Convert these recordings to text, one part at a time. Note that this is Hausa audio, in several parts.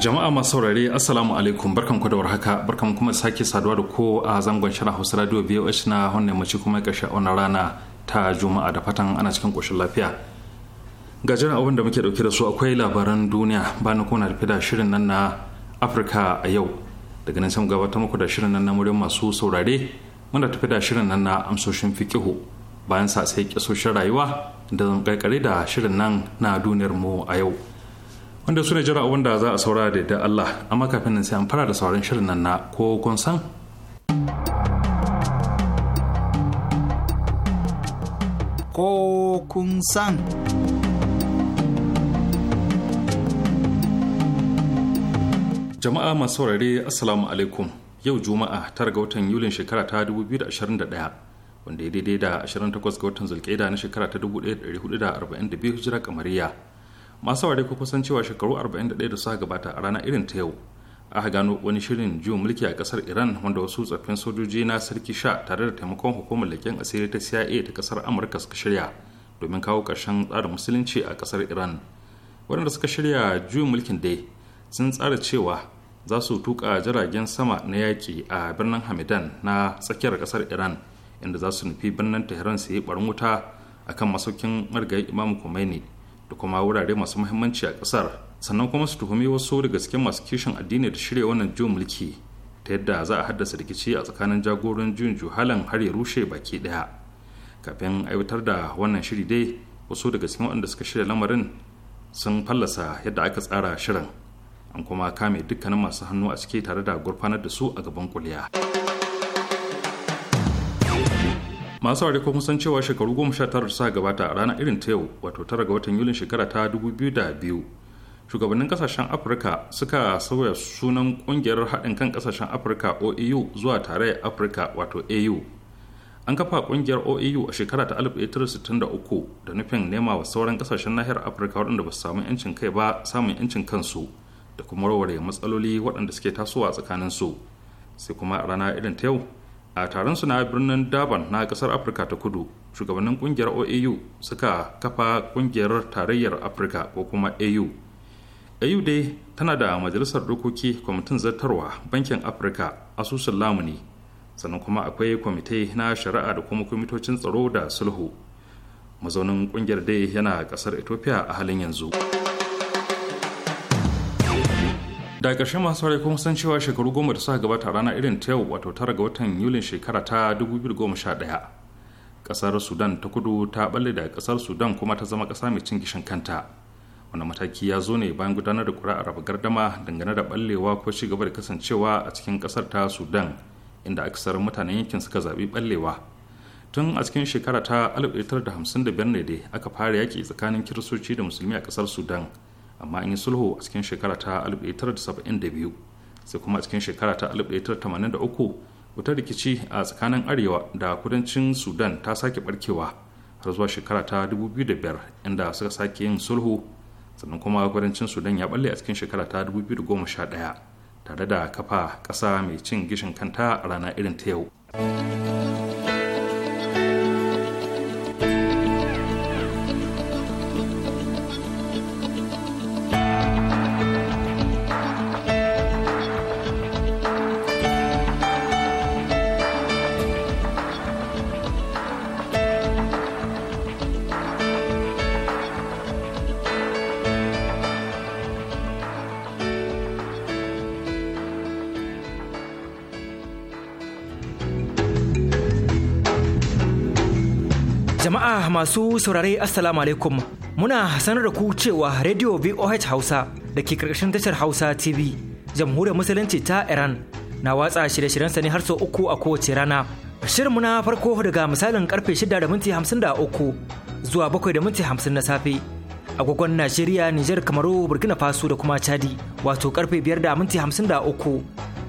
jama'a masu saurare assalamu alaikum barkan ku da warhaka barkan kuma sake saduwa da ko a zangon shirin hausa radio voh na wannan mace kuma kashe wannan rana ta juma'a da fatan ana cikin koshin lafiya ga jiran abin da muke dauke da su akwai labaran duniya bani kuna rufe da shirin nan na afirka a yau daga nan sai mu gabatar muku da shirin nan na murin masu saurare muna tafi da shirin nan na amsoshin fikihu bayan sa sai kisoshin rayuwa da zan da shirin nan na duniyar mu a yau wanda su ne jira abin da za a saura da yadda Allah amma kafin nan sai an fara da sauran shirin nan na ko kun san ko kun san jama'a masu saurare assalamu alaikum yau juma'a tara ga watan yulin shekara ta 2021 wanda ya daidai da 28 ga watan zulkaida na shekara ta 1442 hijira kamariya masu ware ko kusan cewa shekaru 41 da suka gabata a rana irin ta yau aka gano wani shirin juyin mulki a kasar iran wanda wasu tsoffin sojoji na sarki sha tare da taimakon hukumar leƙen asiri ta cia ta kasar amurka suka shirya domin kawo ƙarshen tsarin musulunci a kasar iran waɗanda suka shirya juyin mulkin dai sun tsara cewa za su tuka jiragen sama na yaƙi a birnin hamidan na tsakiyar kasar iran inda za su nufi birnin tehran su yi barin wuta akan masaukin margayin imam khomeini da kuma wurare masu muhimmanci a kasar sannan kuma su tuhumi wasu daga cikin masu kishin addini da shirya wannan juyin mulki ta yadda za a haddasa rikici a tsakanin jagoran juyin juhalan har ya rushe baki daya kafin aiwatar da wannan shiri dai wasu daga cikin waɗanda suka shirya lamarin sun fallasa yadda aka tsara shirin an kuma kame dukkanin masu hannu a ciki tare da gurfanar da su a gaban kuliya. masu aure kuma san cewa shekaru goma sha tara sa gabata a ranar irin ta yau wato tara ga watan yulin shekara ta dubu biyu da biyu shugabannin kasashen afirka suka sauya sunan kungiyar haɗin kan kasashen afirka oeu zuwa tarayyar afirka wato au an kafa kungiyar oeu a shekara ta 1963 da nufin nema wa sauran kasashen nahiyar afirka waɗanda ba su samu yancin kai ba samun yancin kansu da kuma warware matsaloli waɗanda suke tasowa tsakanin su sai kuma a rana irin ta yau a taron su na birnin daban na kasar afirka ta kudu shugabannin kungiyar oau suka kafa kungiyar tarayyar afirka ko kuma au au dai tana da majalisar dokoki kwamitin zartarwa bankin afirka asusun lamuni sannan kuma akwai kwamitai na shari'a da kuma kwamitocin tsaro da sulhu mazaunin kungiyar dai yana kasar ethiopia a halin yanzu. da ƙarshe masu saurari kuma san cewa shekaru goma da suka gabata rana irin ta yau wato tara ga watan yulin shekara ta 2011 ƙasar sudan ta kudu ta balle da ƙasar sudan kuma ta zama ƙasa mai cin gishin kanta wani mataki ya zo ne bayan gudanar da ƙuri'ar raba gardama dangane da ballewa ko ci gaba da kasancewa a cikin ƙasar ta sudan inda aksar mutanen yankin suka zaɓi ballewa tun a cikin shekara ta 1955 ne dai aka fara yaƙi tsakanin kiristoci da musulmi a ƙasar sudan amma an yi sulhu a cikin shekara ta 1972 sai kuma a cikin shekara ta 1983 wutar rikici a tsakanin arewa da kudancin sudan ta sake barkewa har zuwa shekara ta 2005 inda suka sake yin sulhu sannan kuma kudancin sudan ya balle a cikin shekara ta 2011 tare da kafa ƙasa mai cin gishin kanta a rana irin ta yau. masu saurare Assalamu alaikum muna sanar da ku cewa Radio VOH Hausa da ke karkashin tashar Hausa TV jamhuriyar musulunci ta Iran na watsa shirye sa ne har sau uku a kowace rana. shirin muna farko daga misalin karfe shida da zuwa bakwai na safe. Agogon Najeriya, Nijar, Kamaru, Burkina Faso da kuma Chadi wato karfe biyar da minti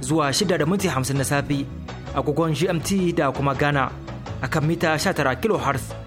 zuwa shida na safe. Agogon GMT da kuma Ghana akan mita 19 kilohertz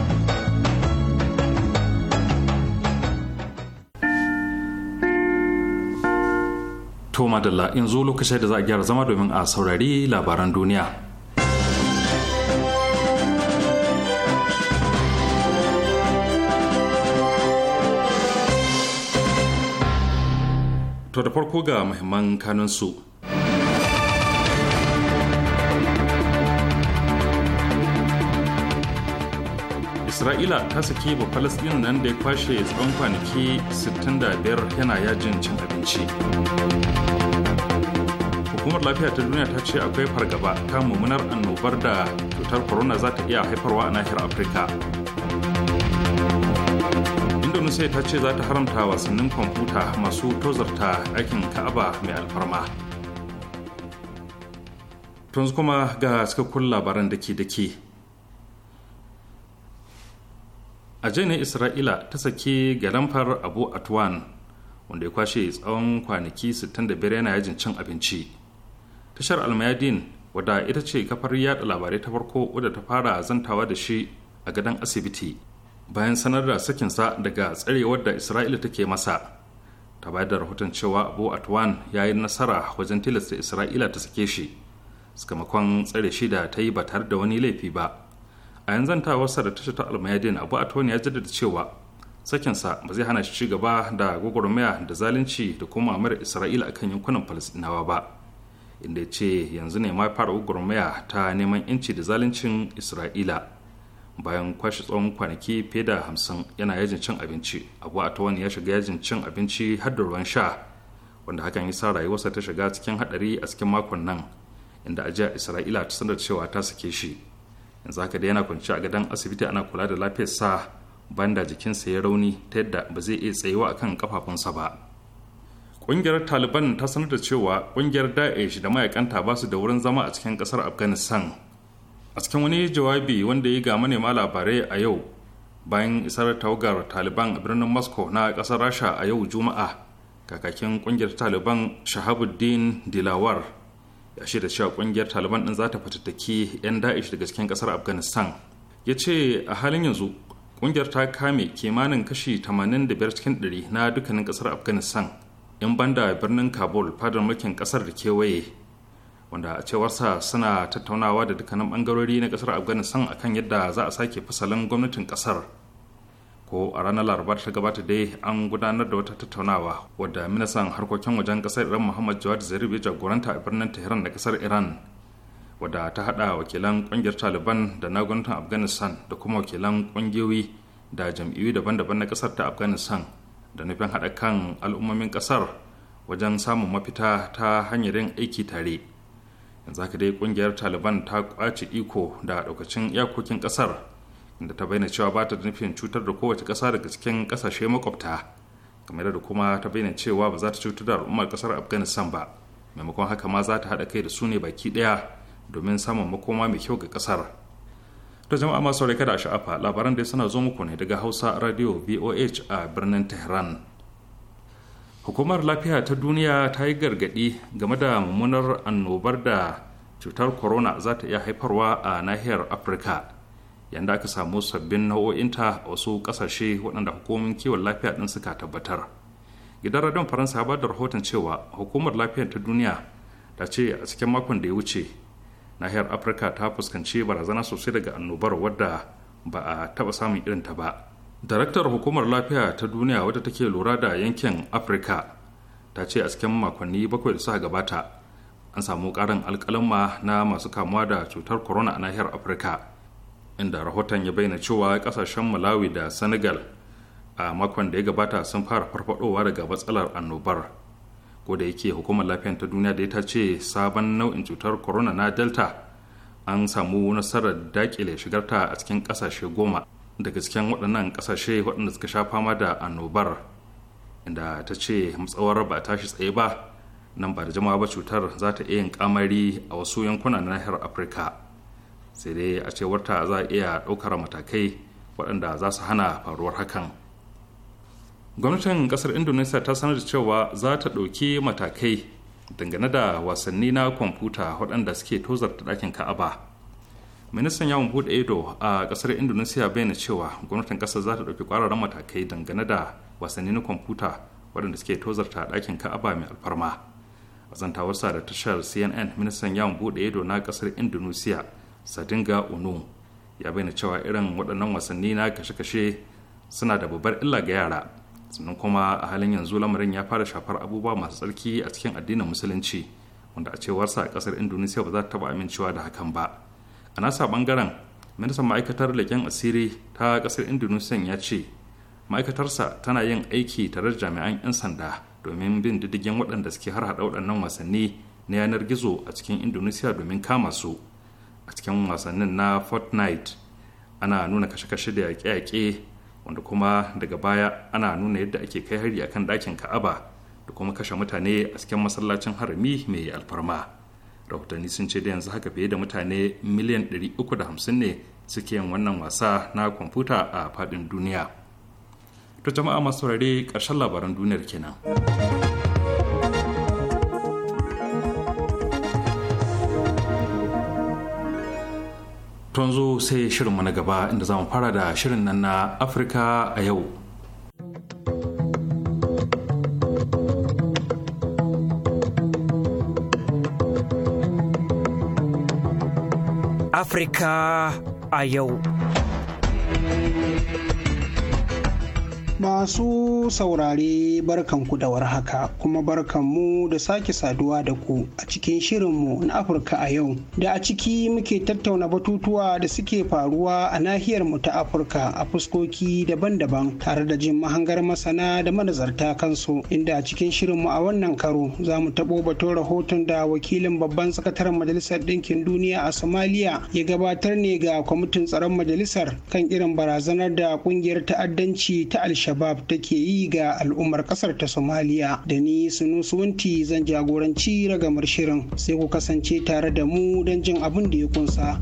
To madalla in zo lokacin da za a gyara zama domin a saurari labaran duniya. To da farko ga muhimman kanunsu. isra'ila ta saki ba falastin nan da ya kwashe tsawon kwanaki 65 yana yajin cin abinci hukumar lafiya ta duniya ta ce akwai fargaba ta mummunar annobar da cutar corona za ta iya haifarwa a nahiyar afirka indonesia ta ce za ta haramta wasannin kwamfuta masu tozarta aikin ka'aba mai alfarma tunzu kuma ga cikakkun labaran da ke da a ne isra'ila ta sake galamfar abu atwan wanda ya kwashe tsawon kwanaki 65 yana yajin cin abinci tashar almayadin wadda ita ce kafar yada labarai ta farko wadda ta fara zantawa da shi a gadon asibiti bayan sanar da sakinsa daga tsarewar da isra'ila take masa ta bayar da rahoton cewa abu atwan ya yi nasara wajen tilasta isra'ila ta sake shi sakamakon tsare shi da ta yi ba tare da wani laifi ba a yanzu ta wasa da tashar ta almayadin abu atoni ya jaddada cewa sakinsa ba zai hana shi ci gaba da gwagwarmaya da zalunci da kuma mara isra'ila akan yankunan falasɗinawa ba inda ya ce yanzu ne ma fara gwagwarmaya ta neman yanci da zaluncin isra'ila bayan kwashe tsawon kwanaki fiye da hamsin yana yajin cin abinci abu atoni ya shiga yajin cin abinci har da ruwan sha wanda hakan ya sa rayuwarsa ta shiga cikin haɗari a cikin makon nan inda ajiya isra'ila ta sanar cewa ta sake shi yanzu haka dai yana kwanci a gadon asibiti ana kula da sa banda jikinsa ya rauni ta yadda ba zai iya tsayewa akan kafafunsa ba ƙungiyar taliban ta sanar da cewa ƙungiyar da'ish da mayakanta ba su da wurin zama a cikin ƙasar afghanistan a cikin wani jawabi wanda ya ga manema labarai a yau bayan isar tawagar taliban a birnin moscow na ƙasar rasha a yau juma'a kakakin ƙungiyar taliban shahabuddin dilawar ya shirya cewa kungiyar taliban din za ta fatattaki 'yan da'ish daga cikin kasar afghanistan ya ce a halin yanzu kungiyar ta kame kimanin kashi 85 cikin 100 na dukkanin kasar afghanistan in banda birnin kabul fadar mulkin kasar da kewaye wanda a cewarsa suna tattaunawa da dukkanin bangarori na kasar afghanistan akan yadda za a sake fasalin gwamnatin kasar ko a ranar larabar ta gabata dai an gudanar da wata tattaunawa wadda ministan harkokin wajen kasar iran muhammad jawad zarif ya jagoranta a birnin tehran da kasar iran wadda ta hada wakilan kungiyar taliban da na gwamnatin afghanistan da kuma wakilan kungiyoyi da jam'iyyu daban-daban na kasar ta afghanistan da nufin hada kan al'ummomin kasar wajen samun mafita ta hanyar yin aiki tare yanzu haka dai kungiyar taliban ta kwace iko da daukacin iyakokin kasar inda ta bayyana cewa ba ta da nufin cutar da kowace ƙasa daga cikin ƙasashe makwabta kamar da kuma ta bayyana cewa ba za ta cutar da al'ummar ƙasar afghanistan ba maimakon haka ma za ta haɗa kai da su ne baki ɗaya domin samun makoma mai kyau ga ƙasar ta jama'a masu kada a sha'afa labaran da suna zo muku ne daga hausa radio voh a birnin tehran hukumar lafiya ta duniya ta yi gargadi game da mummunar annobar da cutar corona za ta iya haifarwa a nahiyar afirka yanda aka samu sabbin nau'o'inta a wasu kasashe waɗanda hukumomin kiwon lafiya ɗin suka tabbatar gidan radon faransa ya da rahoton cewa hukumar lafiyar ta duniya ta ce a cikin makon da ya wuce nahiyar afirka ta fuskanci barazana sosai daga annobar wadda ba a taɓa samun irin ta ba daraktar hukumar lafiya ta duniya wadda take lura da yankin afirka ta ce a cikin makonni bakwai da suka gabata an samu ƙarin alƙalamma na masu kamuwa da cutar corona a nahiyar afirka inda rahoton ya bayyana cewa kasashen malawi da senegal a makon da ya gabata sun fara farfadowa daga matsalar annobar ko da yake hukumar lafiyar ta duniya da ita ce sabon nau'in cutar corona na delta an samu nasarar dakile shigarta a cikin kasashe goma daga cikin waɗannan kasashe waɗanda suka sha fama da annobar inda ta ce matsawar ba tashi tsaye ba nan ba da jama'a ba cutar za ta iya yin kamari a wasu yankuna na nahiyar afirka sai dai a cewarta za a iya ɗaukar matakai waɗanda za su hana faruwar hakan gwamnatin ƙasar indonesia ta sanar da cewa za ta ɗauki matakai dangane da wasanni na kwamfuta waɗanda suke tozarta ɗakin ka'aba ministan yawon buɗe ido a ƙasar indonesia bayyana cewa gwamnatin ƙasar za ta ɗauki ƙwararren matakai dangane da wasanni na kwamfuta waɗanda suke tozarta ɗakin ka'aba mai alfarma a zantawarsa da tashar cnn ministan yawon buɗe ido na ƙasar indonesia sadinga unu ya bayyana cewa irin waɗannan wasanni na kashe-kashe suna da babbar illa ga yara sannan kuma a halin yanzu lamarin ya fara shafar abubuwa masu tsarki a cikin addinin musulunci wanda a cewarsa kasar indonesia ba za ta taba amincewa da hakan ba a nasa bangaren ministan ma'aikatar leƙen asiri ta kasar indonesia ya ce ma'aikatarsa tana yin aiki tare da jami'an 'yan sanda domin bin diddigin waɗanda suke har haɗa waɗannan wasanni na yanar gizo a cikin indonesia domin kama su a cikin wasannin na fortnite ana nuna kashe-kashe da yaƙe-yaƙe wanda kuma daga baya ana nuna yadda ake kai hari a kan ɗakin ka'aba da kuma kashe mutane a cikin masallacin harami mai alfarma rahotanni sun ce da yanzu haka fiye da mutane miliyan 350 ne suke yin wannan wasa na kwamfuta a faɗin duniya to jama'a masu saurare ƙarshen labaran duniyar kenan. tun zo sai shirinmu na gaba inda za mu fara da shirin nan na afirka a yau afirka a yau Masu saurare barkanku da warhaka kuma barkanmu da sake saduwa da ku a cikin shirinmu na Afirka a yau da a ciki muke tattauna batutuwa da suke faruwa a nahiyar mu ta Afirka a fuskoki daban-daban tare da jin mahangar masana da manazarta kansu inda a cikin shirinmu a wannan karo za mu taɓo batun rahoton da wakilin babban sakataren majalisar ɗinkin duniya a Somaliya ya gabatar ne ga kwamitin tsaron majalisar kan irin barazanar da ƙungiyar ta'addanci ta alsha al take yi ga al'ummar kasar ta somaliya da ni suwanti zan jagoranci ragamar shirin sai ku kasance tare da mu don jin abin da ya kunsa.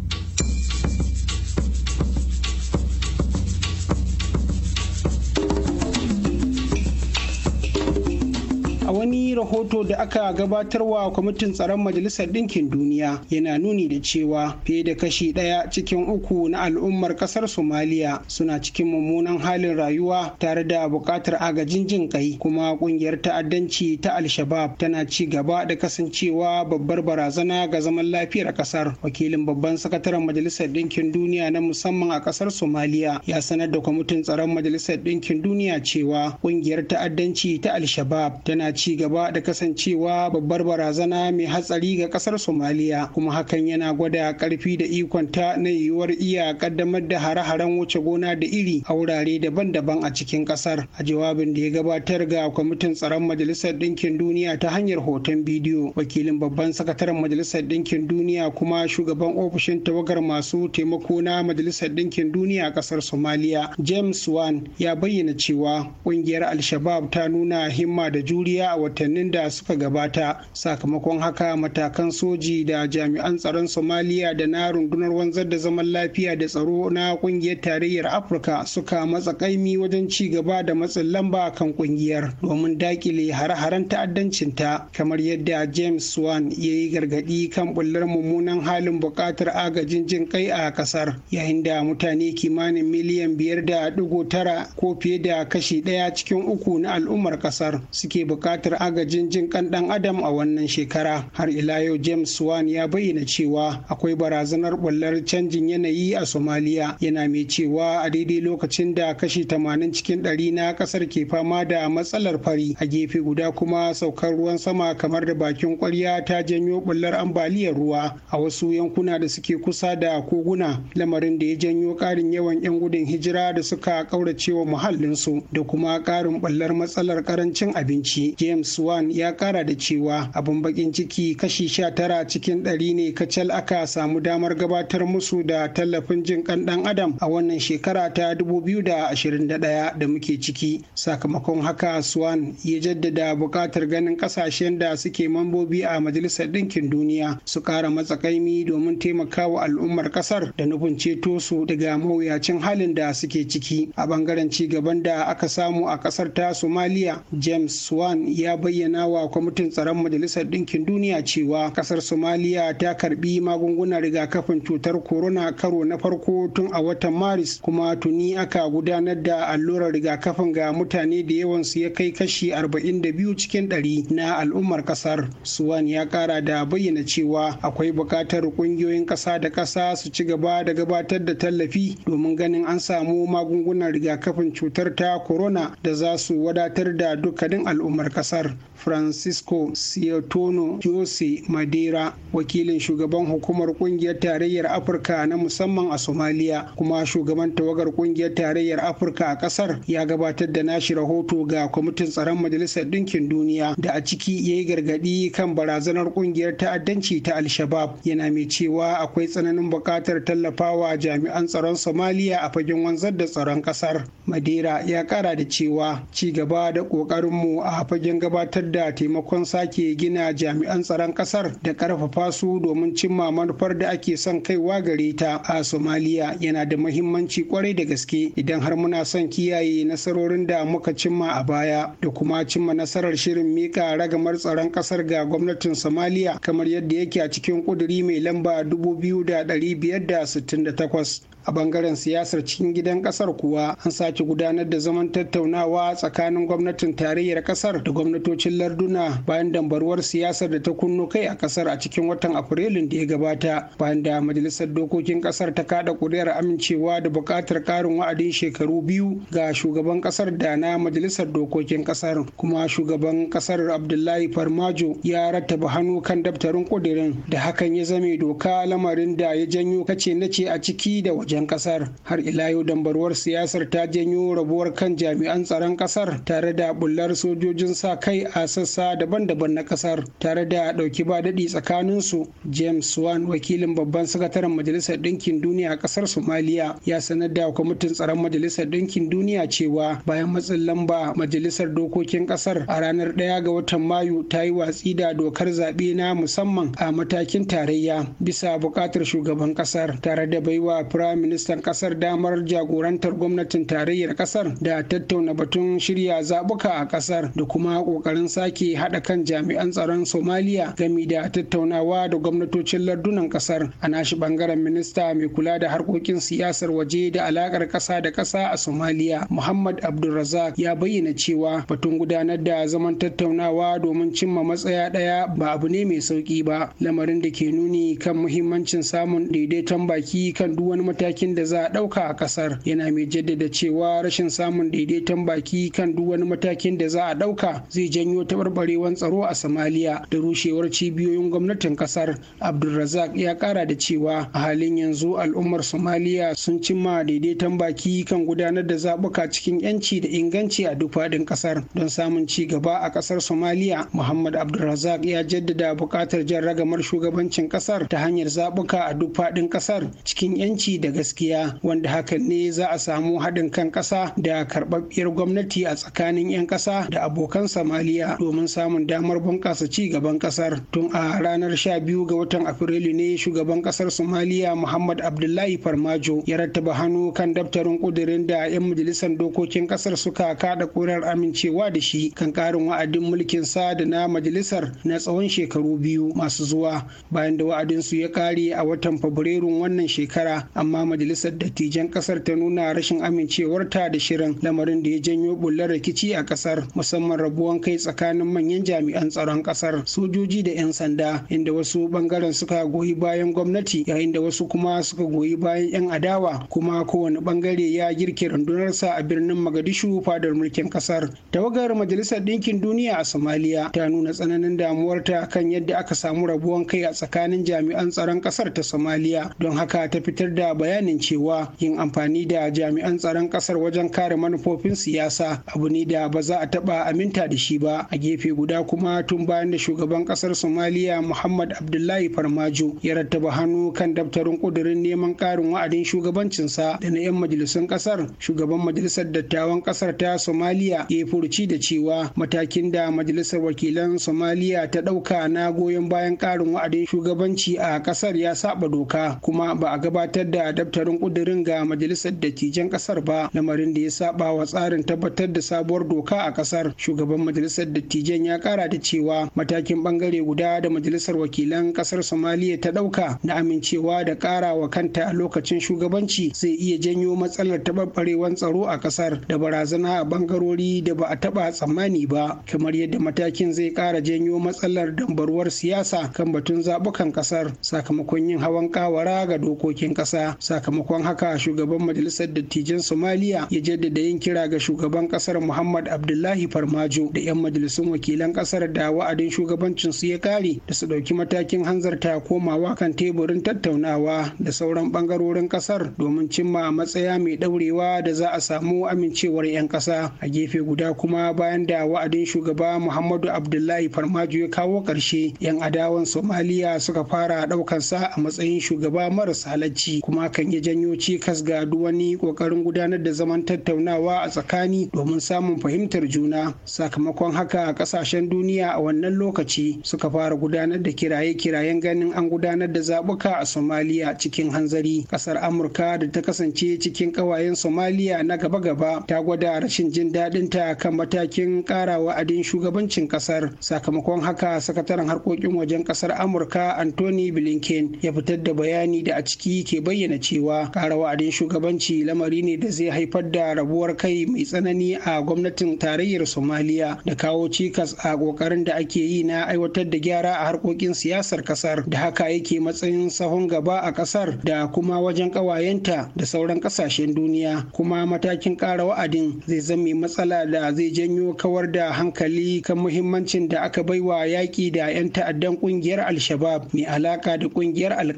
a wani rahoto da aka gabatarwa kwamitin tsaron majalisar ɗinkin duniya yana nuni da cewa fiye da kashi ɗaya cikin uku na al'ummar ƙasar somaliya suna cikin mummunan halin rayuwa tare da buƙatar agajin jin kai kuma ƙungiyar ta'addanci ta al-shabab tana ci gaba da kasancewa babbar barazana ga zaman lafiyar ƙasar wakilin babban sakataren majalisar ɗinkin duniya na musamman a ƙasar somaliya ya sanar da kwamitin tsaron majalisar ɗinkin duniya cewa ƙungiyar ta'addanci ta al-shabab tana ci gaba da kasancewa babbar barazana mai hatsari ga kasar somaliya kuma hakan yana gwada karfi da ikonta na yiwuwar iya kaddamar da hare-haren wuce gona da iri a wurare daban-daban a cikin kasar a jawabin da ya gabatar ga kwamitin tsaron majalisar ɗinkin duniya ta hanyar hoton bidiyo wakilin babban sakataren majalisar ɗinkin duniya kuma shugaban ofishin tawagar masu taimako na majalisar ɗinkin duniya a kasar somaliya james wan ya bayyana cewa ƙungiyar al ta nuna himma da juriya a watannin da suka gabata sakamakon haka matakan soji da jami'an tsaron somaliya da na rundunar wanzar da zaman lafiya da tsaro na kungiyar tarayyar afirka suka matsa kaimi wajen ci gaba da matsin lamba kan kungiyar domin dakile hare-haren ta'addancinta kamar yadda james swan ya yi gargadi kan bullar mummunan halin buƙatar agajin jin kai a kasar yayin da mutane kimanin miliyan biyar da digo tara ko fiye da kashi ɗaya cikin uku na al'ummar kasar suke buƙatar buƙatar agajin jin kan dan adam a wannan shekara har ila yau james swan ya bayyana cewa akwai barazanar bullar canjin yanayi a somaliya yana mai cewa a daidai lokacin da kashi 80 cikin ɗari na ƙasar ke fama da matsalar fari a gefe guda kuma saukar ruwan sama kamar da bakin kwarya ta janyo bullar ambaliyar ruwa a wasu yankuna da suke kusa da koguna lamarin da ya janyo ƙarin yawan 'yan gudun hijira da suka ƙauracewa muhallinsu da kuma ƙarin bullar matsalar ƙarancin abinci james Wan ya kara da cewa abin bakin ciki kashi sha tara cikin ɗari ne kacal aka samu damar gabatar musu da tallafin jin kan dan adam a wannan shekara ta 2021 da muke ciki sakamakon haka swan ya jaddada buƙatar ganin ƙasashen da suke mambobi a majalisar ɗinkin duniya su ƙara matsakaimi domin taimakawa al'ummar ƙasar da nufin ceto su daga mawuyacin halin da suke ciki a ɓangaren ci gaban da aka samu a ƙasar ta somaliya james swan ya bayyana wa kwamitin tsaron majalisar ɗinkin duniya cewa ƙasar somaliya ta karbi magungunan rigakafin cutar corona karo na farko tun a watan maris kuma tuni aka gudanar da allurar rigakafin ga mutane da yawan su ya kai kashi arba'in da biyu cikin 100 na al'ummar ƙasar suwan ya ƙara da bayyana cewa akwai buƙatar ƙungiyoyin ƙasa da ƙasa su ci gaba da gabatar da tallafi domin ganin an samu magungunan rigakafin cutar ta corona da za su wadatar da dukkanin al'ummar ƙasa kasar francisco siatono jose madera wakilin shugaban hukumar kungiyar tarayyar afirka na musamman a somaliya kuma shugaban tawagar kungiyar tarayyar afirka a kasar ya gabatar da nashi rahoto ga kwamitin tsaron majalisar Dinkin duniya da a ciki ya yi gargaɗi kan barazanar kungiyar ta'addanci ta al-shabab yana mai cewa akwai tsananin buƙatar tallafawa jami'an tsaron somaliya a fagen wanzar da tsaron kasar madera ya kara da cewa ci gaba da ƙoƙarinmu a fagen gabatar da taimakon sake gina jami'an tsaron kasar da karfafa su domin cimma manufar da ake son kaiwa gare ta a somaliya yana da mahimmanci kwarai da gaske idan har muna son kiyaye nasarorin da muka cimma a baya da kuma cimma nasarar shirin mika ragamar tsaron kasar ga gwamnatin somaliya kamar yadda yake a cikin kuduri mai lamba 2568 a bangaren siyasar cikin gidan kasar kuwa an sake gudanar da zaman tattaunawa tsakanin gwamnatin tarayyar kasar da gwamnatocin larduna bayan dambaruwar siyasar da ta kunno kai a kasar a cikin watan afrilun da ya gabata bayan da majalisar dokokin kasar ta kada kuri'ar amincewa da bukatar ƙarin wa'adin shekaru biyu ga shugaban kasar da na majalisar dokokin kasar kuma shugaban kasar abdullahi farmajo ya rattaba hannu kan daftarin kudirin da hakan ya zame doka lamarin da ya janyo kace nace a ciki da waje. 'yan kasar har ila yau dambarwar siyasar ta janyo rabuwar kan jami'an tsaron kasar tare da bullar sojojin sa kai a sassa daban-daban na kasar tare da dauki ba daɗi tsakanin su james wan wakilin babban sakataren majalisar ɗinkin duniya a kasar Somalia ya sanar da kwamitin tsaron majalisar ɗinkin duniya cewa bayan matsin lamba majalisar dokokin kasar a ranar ɗaya ga watan mayu ta yi watsi da dokar zaɓe na musamman a matakin tarayya bisa buƙatar shugaban kasar tare da baiwa firamin. ministan kasar damar jagorantar gwamnatin tarayyar kasar da tattauna batun shirya zabuka a kasar da kuma kokarin sake hada kan jami'an tsaron somaliya gami da tattaunawa da gwamnatocin lardunan kasar a nashi bangaren minista mai kula da harkokin siyasar waje da alakar kasa da kasa a somaliya muhammad abdulrazak ya bayyana cewa batun gudanar da zaman tattaunawa domin cimma matsaya daya ba abu ne mai sauki ba lamarin da ke nuni kan muhimmancin samun daidaiton baki kan duk wani mataki matakin da za a ɗauka a ƙasar yana mai jaddada cewa rashin samun daidaiton baki kan duk wani matakin da za a ɗauka zai janyo taɓarɓarewan tsaro a somaliya da rushewar cibiyoyin gwamnatin ƙasar abdulrazak ya ƙara da cewa a halin yanzu al'ummar somaliya sun cimma daidaiton baki kan gudanar da zaɓuka cikin 'yanci da inganci a duk faɗin ƙasar don samun ci gaba a ƙasar somaliya muhammad abdulrazak ya jaddada buƙatar jan ragamar shugabancin ƙasar ta hanyar zaɓuka a duk faɗin ƙasar cikin 'yanci daga gaskiya wanda hakan ne za a samu haɗin kan ƙasa da karɓaɓɓiyar gwamnati a tsakanin 'yan ƙasa da abokan Somaliya domin samun damar bunƙasa ci gaban ƙasar tun a ranar 12 ga watan Afrilu ne shugaban ƙasar Somaliya Muhammad Abdullahi Farmajo ya rattaba hannu kan daftarin ƙudurin da 'yan majalisar dokokin ƙasar suka kaɗa ƙurar amincewa da shi kan ƙarin wa'adin mulkin sa da na majalisar na tsawon shekaru biyu masu zuwa bayan da wa'adinsu ya ƙare a watan Fabrairun wannan shekara amma majalisar dattijan kasar ta nuna rashin amincewarta da shirin lamarin da ya janyo bullar rikici a kasar musamman rabuwan kai tsakanin manyan jami'an tsaron kasar sojoji da 'yan sanda inda wasu bangaren suka goyi bayan gwamnati yayin da wasu kuma suka goyi bayan 'yan adawa kuma kowane bangare ya girke rundunarsa a birnin magadishu fadar mulkin kasar tawagar majalisar ɗinkin duniya a somaliya ta nuna tsananin damuwarta kan yadda aka samu rabuwan kai a tsakanin jami'an tsaron kasar ta somaliya don haka ta fitar da bayani bayanin cewa yin amfani da jami'an tsaron kasar wajen kare manufofin siyasa abu ne da ba za a taba aminta da shi ba a gefe guda kuma tun bayan da shugaban kasar somaliya muhammad abdullahi farmajo ya rattaba hannu kan daftarin kudirin neman karin wa'adin shugabancinsa da na 'yan majalisun kasar shugaban majalisar dattawan kasar ta somaliya ya furci da cewa matakin da majalisar wakilan somaliya ta dauka na goyon bayan karin wa'adin shugabanci a kasar ya saba doka kuma ba a gabatar da daftarin kudirin ga majalisar dattijan kasar ba lamarin da ya saba wa tsarin tabbatar da sabuwar doka a kasar shugaban majalisar dattijan ya kara da cewa matakin bangare guda da majalisar wakilan kasar somaliya ta dauka na amincewa da kara wa kanta a lokacin shugabanci zai iya janyo matsalar taɓarɓarewar tsaro a kasar da barazana a bangarori da ba a taɓa tsammani ba kamar yadda matakin zai kara janyo matsalar dambarwar siyasa kan batun zabukan kasar sakamakon yin hawan kawara ga dokokin kasa sakamakon haka shugaban majalisar dattijan somaliya ya jaddada yin kira ga shugaban kasar muhammad abdullahi farmajo da 'yan majalisun wakilan kasar da wa'adin shugabancin su ya kare da su ɗauki matakin hanzarta komawa kan teburin tattaunawa da sauran bangarorin kasar domin cimma matsaya mai ɗaurewa da za a samu amincewar 'yan ƙasa a gefe guda kuma bayan da wa'adin shugaba muhammadu abdullahi farmajo ya kawo ƙarshe 'yan adawan somaliya suka fara ɗaukansa a matsayin shugaba marasa halacci kuma kan ya iya janyo cikas ga duk wani kokarin gudanar da zaman tattaunawa a tsakani domin samun fahimtar juna sakamakon haka kasashen duniya a wannan lokaci suka fara gudanar da kiraye-kirayen ganin an gudanar da zabuka a somaliya cikin hanzari kasar amurka da ta kasance cikin kawayen somaliya na gaba-gaba ta gwada rashin jin daɗin ta kan matakin ƙara wa'adin shugabancin kasar sakamakon haka sakataren harkokin wajen kasar amurka anthony blinken ya fitar da bayani da a ciki ke bayyana cewa cewa ƙara wa'adin shugabanci lamari ne da zai haifar da rabuwar kai mai tsanani a gwamnatin tarayyar somaliya da kawo cikas a ƙoƙarin da ake yi na aiwatar da gyara a harkokin siyasar ƙasar da haka yake matsayin sahun gaba a ƙasar da kuma wajen ƙawayenta da sauran ƙasashen duniya kuma matakin ƙara wa'adin zai zame matsala da zai janyo kawar da hankali kan muhimmancin da aka bai wa yaƙi da 'yan ta'addan ƙungiyar al-shabab mai alaƙa da ƙungiyar al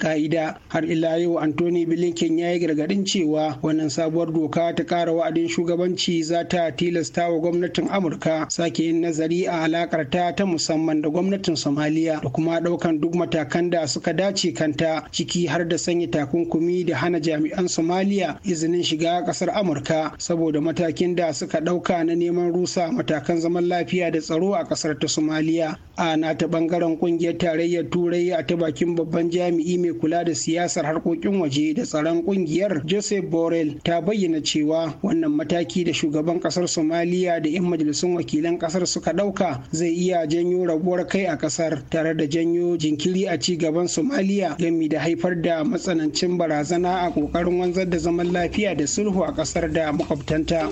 har ila yau antony Lincoln ya yi gargadin cewa wannan sabuwar doka ta kara wa'adin shugabanci za ta tilasta wa gwamnatin amurka sake yin nazari a alakar ta ta musamman da gwamnatin somaliya da kuma ɗaukan duk matakan da suka dace kanta ciki har da sanya takunkumi da hana jami'an somaliya izinin shiga ƙasar amurka saboda matakin da suka ɗauka na neman rusa matakan zaman lafiya da tsaro a ƙasar ta somaliya a nata ɓangaren ƙungiyar tarayyar turai a ta bakin babban jami'i mai kula da siyasar harkokin waje da tsaron kungiyar joseph borrell ta bayyana cewa wannan mataki da shugaban kasar somaliya da 'yan majalisun wakilan kasar suka ɗauka zai iya janyo rabuwar kai a kasar tare da janyo jinkiri a ci gaban somaliya gami da haifar da matsanancin barazana a ƙoƙarin wanzar da zaman lafiya da sulhu a kasar da makwabtanta.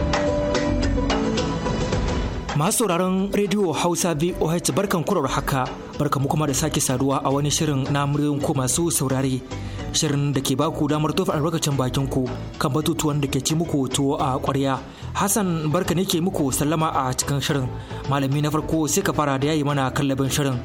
Masu sauraron rediyo Hausa VOH barkan kurar haka mu kuma da sake saduwa a wani shirin na muryoyin ko masu saurare. Shirin da ke baku damar tofa albarkacin bakin ku kan batutuwan da ke ci muku tuwo a kwarya Hassan barka ne ke muku sallama a cikin shirin. Malami na farko sai ka fara da yayi mana kallabin shirin.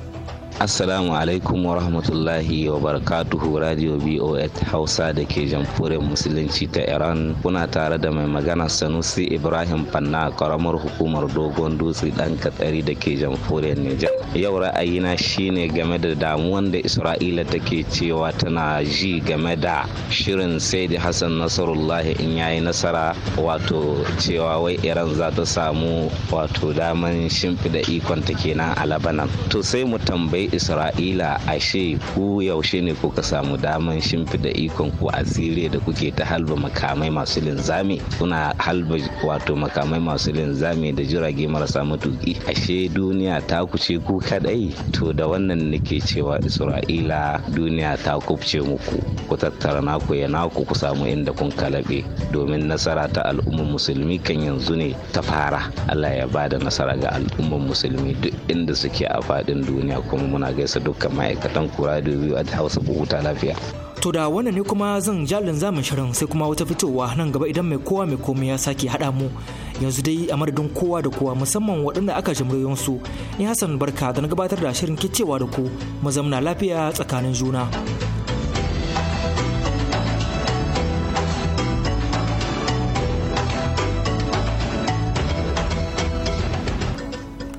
Assalamu alaikum wa rahmatullahi wa barakatuhu Radio BOS Hausa da ke jamhuriyar Musulunci ta Iran kuna tare da mai magana Sanusi Ibrahim Fanna karamar hukumar Dogon Dutse dan katsari da ke jamhuriyar Nijar. Yau ra'ayina shine game da damuwan da Isra'ila take cewa tana ji game da shirin Saidi Hassan Nasarullahi in yayi nasara wato cewa wai Iran za ta samu wato daman shimfida ta kenan a Labanan. To sai mu tambayi isra'ila ashe ku yaushe ne kuka samu daman shimfida ikon ku a siriya da kuke ta halba makamai masu linzami kuna halba wato makamai masu linzami da jirage marasa matuki ashe duniya ta kuce ku kadai to da wannan nake cewa isra'ila duniya ta kubce muku ku tattara naku ya naku ku samu inda kun kalabe domin nasara ta al'ummar musulmi kan yanzu ne ta fara allah ya bada nasara ga al'ummar musulmi duk inda suke a faɗin duniya kuma muna gaisa dukkan ma'aikatan kura da biyu a hausa ku huta lafiya. To da wannan ne kuma zan jalin zamun shirin sai kuma wata fitowa nan gaba idan mai kowa mai komai ya sake haɗa mu yanzu dai a madadin kowa da kowa musamman waɗanda aka jimriyon su ni Hassan Barka da na gabatar da shirin kicewa da ku mu zamna lafiya tsakanin juna.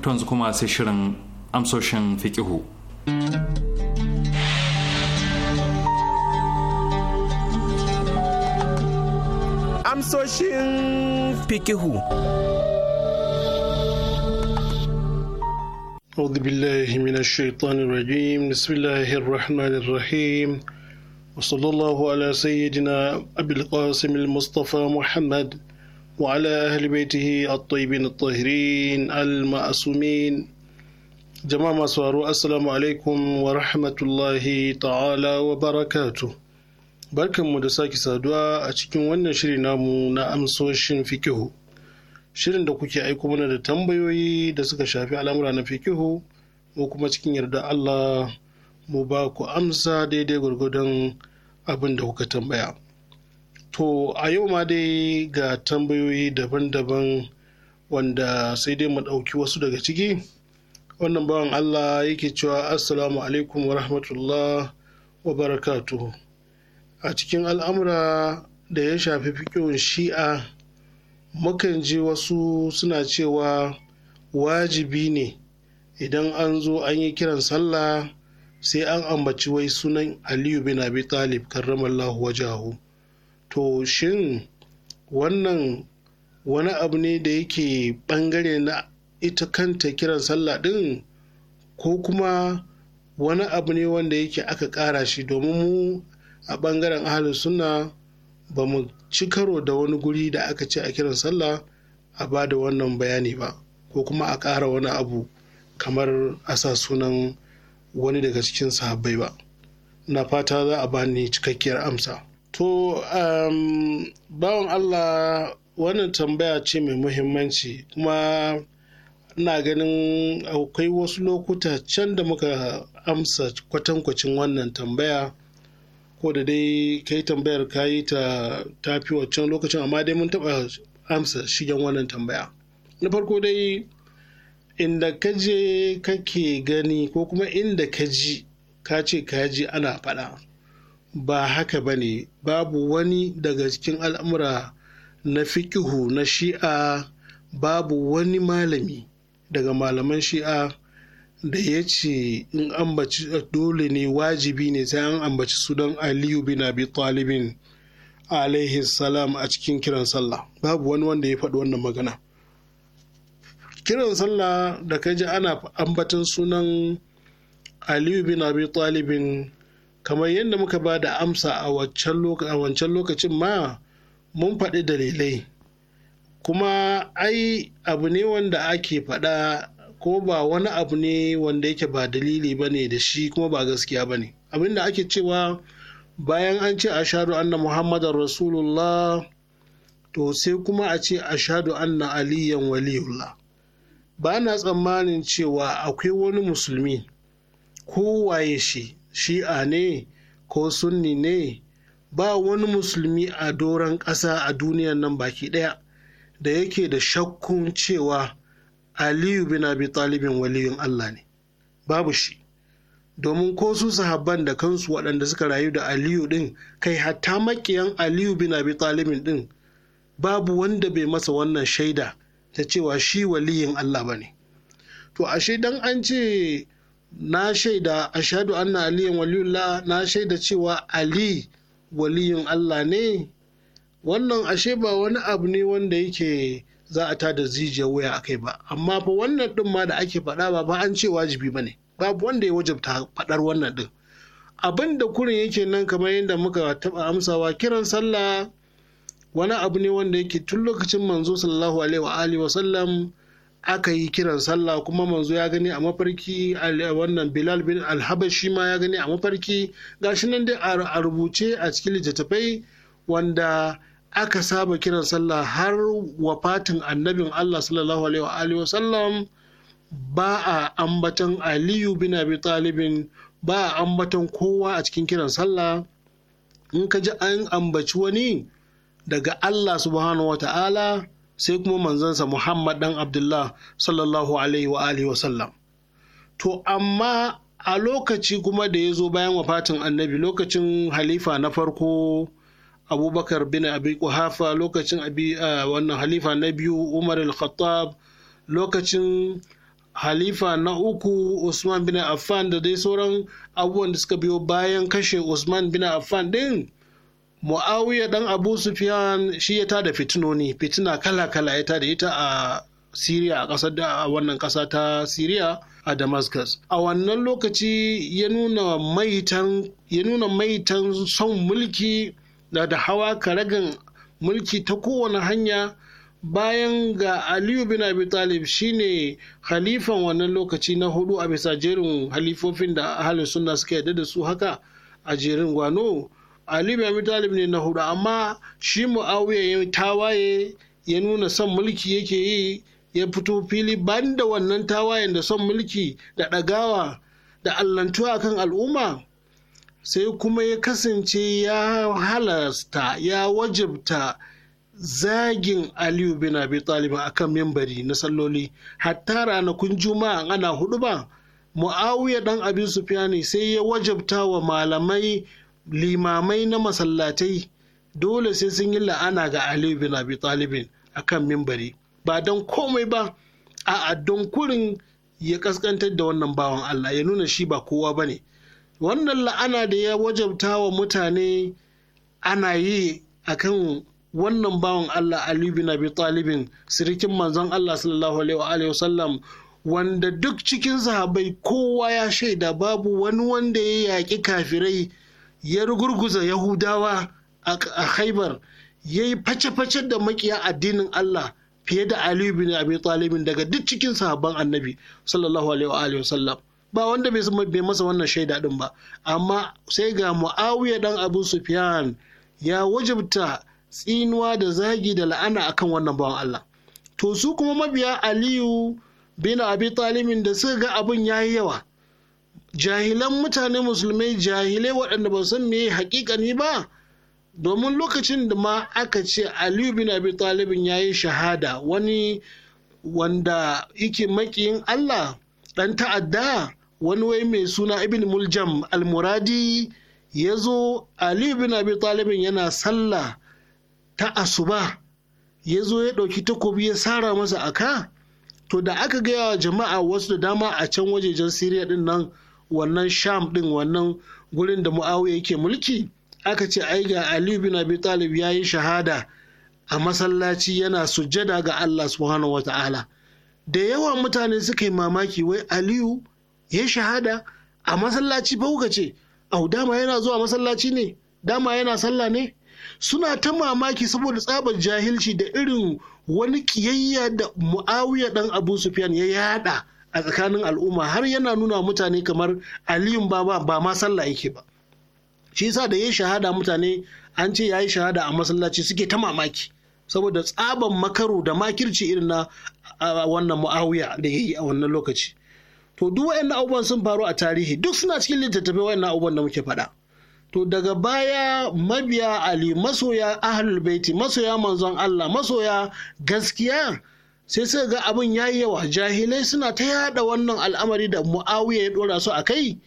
yanzu kuma sai shirin amsoshin fikihu. Amsoshin fikihu. أعوذ بالله من الشيطان الرجيم بسم الله الرحمن الرحيم وصلى الله على سيدنا أبي القاسم المصطفى محمد وعلى أهل بيته الطيبين الطاهرين المعصومين jama'a masu waro assalamu alaikum wa rahmatullahi ta'ala wa barakatu barkanmu da sake saduwa a cikin wannan shiri namu na amsoshin fikihu shirin da kuke aiko mana da tambayoyi da suka shafi al'amura na fikihu mu kuma cikin yarda Allah mu ba ku amsa daidai gwargwadon abin da kuka tambaya to a yau ma dai ga tambayoyi daban-daban wanda sai dai mu ɗauki wasu daga ciki wannan bawan Allah yake cewa assalamu alaikum wa rahmatullah wa barakatuhu a cikin al'amura da ya shafi fikiyon shi'a mukan ji wasu suna cewa wajibi ne idan an zo an yi kiran sallah sai an ambaci wai sunan aliyu bin abi talib karramallahu wajahu to shin wannan wani abu ne da yake bangare na ita kanta kiran sallah ɗin ko kuma wani abu ne wanda yake aka ƙara shi domin mu a ɓangaren ahalin suna ba mu ci karo da wani guri da aka ce a kiran sallah a ba da wannan bayani ba ko kuma a ƙara wani abu kamar a sa sunan wani daga cikin sahabbai ba na fata za a bani cikakkiyar amsa to um, bawan allah wannan tambaya ce mai muhimmanci kuma ina ganin akwai wasu lokuta can da muka amsa kwatankwacin wannan tambaya ko da dai kai tambayar ka yi ta tafi waccan lokacin amma dai mun taɓa amsa shigen wannan tambaya na farko dai inda ka je kake gani ko kuma inda ka ji ka ce ka ji ana faɗa ba haka ba ne babu wani daga cikin al'amura na fikihu na shi'a babu wani malami daga malaman shi'a da ya ce in ambaci dole ne wajibi ne sai an ambaci sunan aliyu bin abi talibin alaihi salam a cikin kiran sallah babu wani wanda ya faɗi wannan magana kiran sallah da ka ji ana ambatan sunan aliyu bin abi talibin kamar yadda muka ba da amsa a wancan lokacin ma mun faɗi dalilai kuma ai abu ne wanda ake faɗa ko ba wani abu ne wanda yake ba dalili ba ne da shi kuma ba gaskiya ba ne abinda ake cewa bayan an ce ashadu anna muhammadar rasulullah to sai kuma a ce ashadu anna aliyan waliyullah ba na tsammanin cewa akwai wani musulmi ko waye shi shi'a ne ko sunni ne ba wani musulmi a doron ƙasa a duniyan nan baki ɗaya da yake da shakkun cewa aliyu bin abi talibin waliyun allah ne babu shi domin ko su sahabban da kansu waɗanda suka rayu da aliyu ɗin kai hatta makiyan aliyu bin abi talibin ɗin babu wanda bai masa wannan shaida ta cewa shi waliyin allah ba ne to ashe dan an ce na shaida ashadu anna aliyan waliyullah na shaida cewa ali waliyin allah ne wannan ashe ba wani abu ne wanda yake za a tada zijiyar wuya kai ba amma fa wannan din ma da ake faɗa ba ba an ce wajibi ba ne babu wanda ya wajibta faɗar wannan din abin da kurin yake nan kamar yadda muka taɓa amsawa kiran sallah wani abu ne wanda yake tun lokacin manzo sallallahu alaihi wa alihi wasallam aka yi kiran sallah kuma manzo ya gani a mafarki wannan bilal bin alhabashi ma ya gani a mafarki gashi nan dai a rubuce a cikin littattafai wanda aka saba kiran sallah har wafatin annabin Allah sallallahu alaihi wa sallam ba a ambatan aliyu bin abi talibin ba a ambatan kowa a cikin kiran sallah in ka ji an ambaci wani daga Allah subhanahu ta'ala sai kuma manzansa Muhammad dan Abdullah sallallahu alaihi wa alihi wasallam to amma a lokaci kuma da ya zo bayan wafatin annabi lokacin halifa na farko abubakar bin abi kuhafa lokacin abi ah, wannan halifa na biyu umar al-khattab lokacin halifa na uku usman bin affan da dai sauran abubuwan da suka biyo bayan kashe usman bin affan din muawiya dan abu sufyan shi ya tada fitinoni fitina kala-kala ya tada ita a Siriya a kasar da a wannan ƙasa ta Siriya a Damascus. A wannan lokaci ya nuna maitan son mulki da hawa karagan mulki ta kowane hanya bayan ga aliyu bin abi talib shine halifan wannan lokaci na hudu a bisa jerin halifofin da ahalin sunna suka yarda da su haka a jerin gwano aliyu bin abi talib ne na hudu amma shi muawiya ya tawaye ya nuna son mulki yake yi ya fito fili banda wannan tawayen da son mulki da dagawa da allantuwa kan al'umma sai kuma ya kasance ya halasta ya wajibta zagin aliyu bin abi talib a kan mimbari na salloli hatta ranakun juma'a ana hudu ba mu'awiya dan abi sufyani sai ya wajabta wa malamai limamai na masallatai dole sai sun yi la'ana ga aliyu bin abi talibin a kan mimbari ba don komai ba a don kurin ya kaskantar da wannan bawan allah ya nuna shi ba kowa ba ne wannan la'ana da ya wajabta wa mutane ana yi a kan wannan bawan Allah Ali bin Abi Talibin sirikin manzon Allah sallallahu alaihi wa sallam wanda duk cikin sahabai kowa ya shaida babu wani wanda ya yaƙi kafirai ya rugurguza Yahudawa a Khaibar ya yi face-face da makiya addinin Allah fiye da Ali bin Abi Talibin daga duk cikin sahabban Annabi sallallahu alaihi wa sallam ba wanda bai masa wannan shaida din ba amma sai ga muawiya dan abu sufyan ya wajibta tsinuwa da zagi da la'ana akan wannan bawan Allah to su kuma mabiya aliyu bin abi talimin da suka ga abin yayi yawa jahilan mutane musulmai jahilai waɗanda ba san me meye haƙiƙani ba domin lokacin da ma aka ce aliyu bin abi talibin ya yi shahada wani wanda yake makiyin allah ɗan ta'adda wani wai mai suna ibn muljam almuradi ya zo ali bin abi talibin yana sallah ta asuba ya zo ya ɗauki takobi ya sara masa aka to da aka gaya wa jama'a wasu da dama a can wajejen siriya din nan wannan sham din wannan gurin da mu'awiya yake mulki aka ce ai ga ali bin abi talib ya yi shahada a masallaci yana sujjada ga allah subhanahu wa ta'ala da yawa mutane suka yi mamaki wai aliyu ya shahada a masallaci fa kuka ce au dama yana zuwa masallaci ne dama yana sallah ne suna ta mamaki saboda tsabar jahilci da irin wani kiyayya da muawiya dan abu sufyan ya yada a tsakanin al'umma har yana nuna mutane kamar aliyun baba ba ma sallah yake ba shi yasa da ya shahada mutane an ce ya shahada a masallaci suke ta mamaki saboda tsaban makaro da makirci irin na wannan mu'awiya da yayi a wannan lokaci to duk wayannan abubuwan sun faru a tarihi duk suna cikin littattafai wayannan abubuwan da muke faɗa to daga baya mabiya ali masoya ahlul baiti masoya manzon Allah masoya gaskiya sai suka ga abin yayi yawa jahilai suna ta yada wannan al'amari da muawiya ya dora su a kai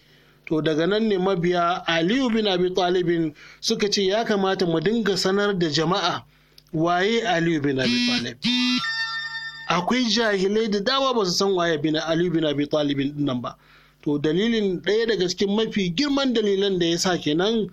to daga nan ne mabiya aliyu bin abi talibin suka ce ya kamata mu dinga sanar da jama'a waye aliyu bin abi talib akwai jahilai da dama ba su san waye bin Ali bin Abi Talib nan ba to dalilin ɗaya daga cikin mafi girman dalilan da ya sa kenan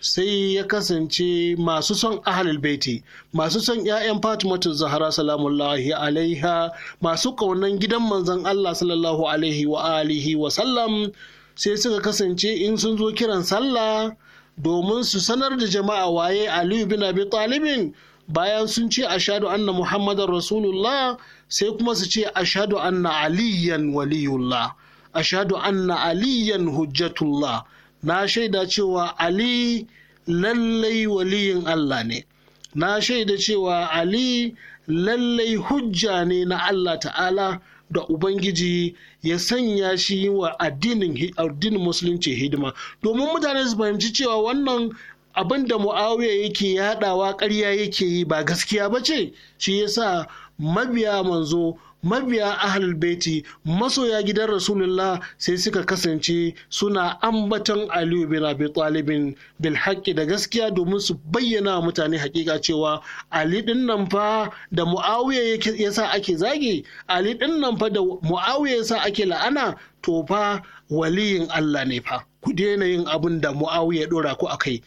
sai ya kasance masu son ahalul baiti masu son 'ya'yan fatimatu Zahra salamullahi alaiha masu kaunan gidan manzon allah sallallahu alaihi wa alihi wa sallam sai suka kasance in sun zo kiran sallah domin su sanar da jama'a waye Ali bin abi talibin bayan sun ce ashadu anna muhammadar rasulullah sai kuma su ce ashadu anna aliyan waliyullah ashadu anna aliyan hujjatullah na shaida cewa ali lallai waliyin Allah ne na shaida cewa ali lallai hujja ne na Allah ta'ala da Ubangiji ya sanya shi wa addinin musulunci hidima domin mutane su fahimci cewa wannan abin da mu'awiya yake yadawa ƙarya yake yi ba gaskiya ba ce shi yasa mabiya manzo mabiya ahlul baiti masoya gidan rasulullah sai suka kasance suna ambaton aliyu bin abi talibin bil da gaskiya domin su bayyana mutane hakika cewa ali din nan fa da muawiya yasa ake zagi ali din nan fa da muawiya yasa ake la'ana to fa waliyin Allah ne fa ku daina yin abin da muawiya dora ku akai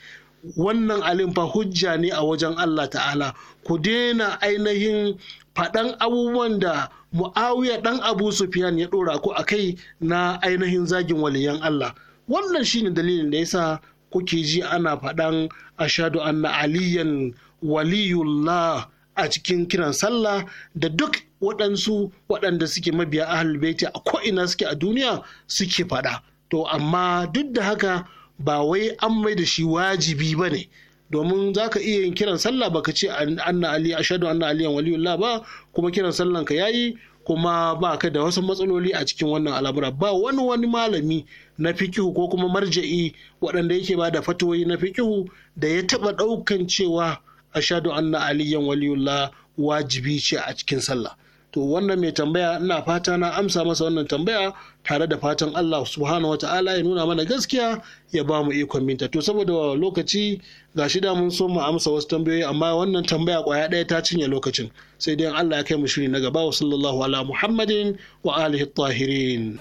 wannan alin fa hujja ne a wajen Allah ta'ala ku daina ainihin faɗan abubuwan da mu'awiya ɗan abu sufiyan ya ɗora ku a kai na ainihin zagin waliyan Allah wannan shi ne dalilin da ya sa kuke ji ana faɗan ashadu anna aliyan waliyullah a cikin kiran sallah da duk waɗansu waɗanda suke mabiya a baiti a ko'ina suke a duniya suke faɗa to amma duk da haka ba wai an mai da shi wajibi ba ne domin za ka iya yin kiran sallah baka ce anna ali ashadu anna aliyan waliyullah ba kuma kiran sallan ka yayi kuma ba ka da wasu matsaloli a cikin wannan al'amura ba wani wani malami na fikihu ko kuma marja'i waɗanda yake ba da fatuwoyi na fikihu da ya taɓa ɗaukan cewa ashadu anna aliyan waliyullah wajibi ce a cikin sallah to wannan mai tambaya ina fata na amsa masa wannan tambaya tare da fatan Allah subhanahu ta'ala ya nuna mana gaskiya ya ba mu ikon minta to saboda lokaci ga shi da mun so mu amsa wasu tambayoyi amma wannan tambaya kwaya ɗaya ta cinye lokacin sai dai Allah ya kai mu shiri na gaba wa sallallahu ala muhammadin wa alihi tahirin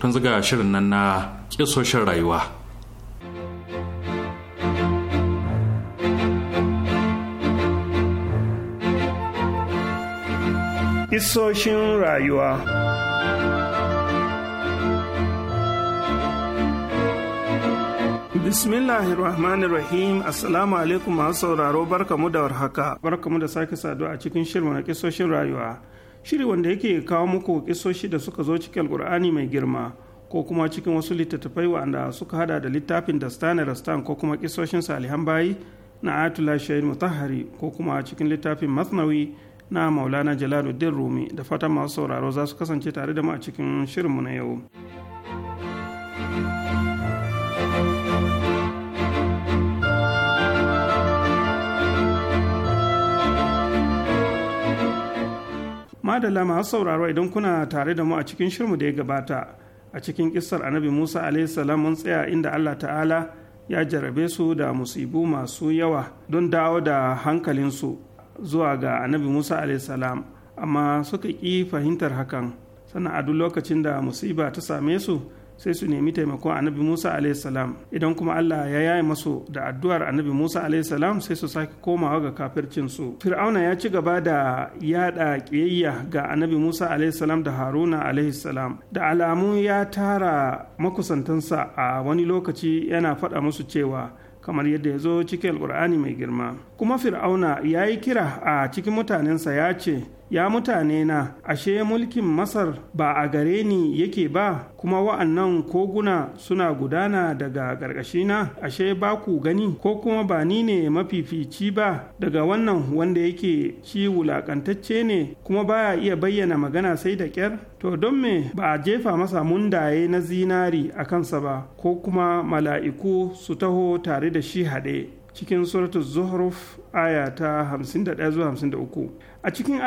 tun zuga shirin nan na kisoshin rayuwa Isoshin rayuwa Bismillahirrahmanirrahim Assalamu alaikum masu sauraro barkamu da warhaka barkamu da sake saduwa a cikin shirin na kisoshin rayuwa shiri wanda yake kawo muku kisoshi da suka zo cikin alkur'ani mai girma ko kuma cikin wasu littattafai wanda suka hada da littafin da stan rastan ko kuma kisoshin salihan bayi na atula shahid mutahari ko kuma cikin littafin masnawi na maulana jalaluddin rumi da fatan masu sauraro za su kasance tare da mu a cikin shirinmu na yau madalla masu sauraro idan kuna tare da mu a cikin shirinmu da ya gabata a cikin kissar annabi musa alaihissalam mun tsaya inda allah ta'ala ya jarabe su da musibu masu yawa don dawo da hankalinsu zuwa ga annabi musa salam amma suka ƙi fahimtar hakan sannan a duk lokacin da musiba ta same su sai su nemi taimakon annabi musa salam idan kuma allah ya yaye masu da addu'ar annabi musa salam sai su sake komawa ga kafircinsu fir'auna ya ci gaba da yada ƙiyayya ga annabi musa salam da haruna salam da alamu ya tara makusantansa a wani lokaci yana faɗa musu cewa kamar yadda ya zo cikin Alƙur'ani mai girma kuma fir'auna ya yi kira a cikin mutanensa ya ce ya mutane na ashe mulkin masar ba a gare ni yake ba kuma wa'annan koguna suna gudana daga ƙarƙashina ashe ba ku gani ko kuma ba ni ne mafifici ba daga wannan wanda yake ci wulaƙantacce ne kuma baya iya bayyana magana sai da ƙyar to don me ba a jefa masa mundaye na zinari a kansa ba ko kuma mala'iku su taho tare da shi haɗe cikin suratul zuhruf aya ta 51 zuwa 53 a cikin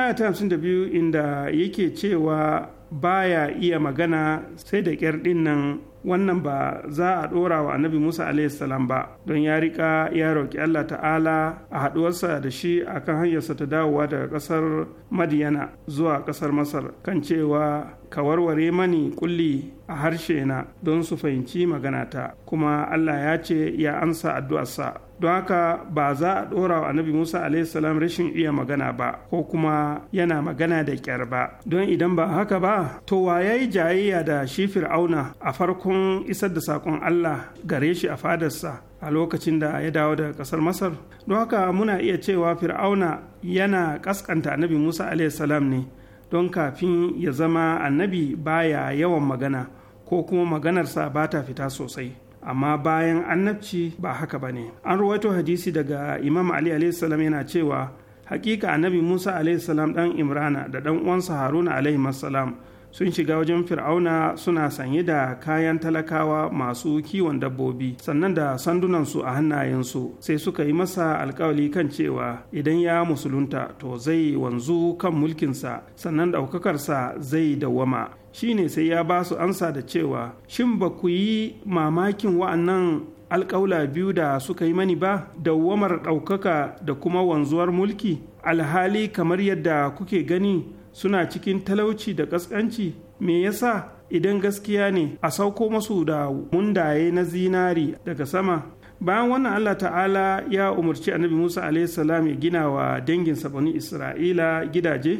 da biyu inda yake cewa baya iya magana sai da ƙyar nan wannan ba za a ɗora wa annabi musa salam ba don ya riƙa ya roƙi allah ta'ala a haɗuwarsa da shi a kan hanyarsa ta dawowa daga ƙasar madiyana zuwa ƙasar masar kan cewa ka warware mani kulli a harshe na don su fahimci maganata kuma Allah ya ce ya amsa addu'arsa don haka ba za a ɗora wa annabi Musa salam rashin iya magana ba ko kuma yana magana da ƙyar ba don idan ba haka ba to wa ya yi jayayya da shi fir'auna a farkon isar da saƙon Allah gare shi a fadarsa a lokacin da ya dawo daga ƙasar masar don haka muna iya cewa fir'auna yana ƙasƙanta annabi musa salam ne don kafin ya zama annabi baya yawan magana ko kuma maganarsa ba ta fita sosai amma bayan annabci ba haka ba ne an ruwaito hadisi daga imam ali salam yana cewa hakika annabi musa salam ɗan imrana da dan uwansa haruna salam sun shiga wajen fir'auna suna sanye da kayan talakawa masu kiwon dabbobi sannan da sandunansu a hannayensu sai suka yi masa alkawali kan cewa idan ya musulunta to zai wanzu kan mulkinsa sannan ɗaukakarsa zai dawwama shine sai ya ba su ansa da cewa shin ba ku yi mamakin wa'annan alƙaula biyu da suka yi mani ba dawwamar ɗaukaka da kuma wanzuwar mulki alhali kamar yadda kuke gani suna cikin talauci da ƙasƙanci me yasa idan gaskiya ne a sauko masu da mundaye na zinari daga sama bayan wannan allah ta'ala ya umarci annabi musa salam ya gina wa danginsa bani isra'ila gidaje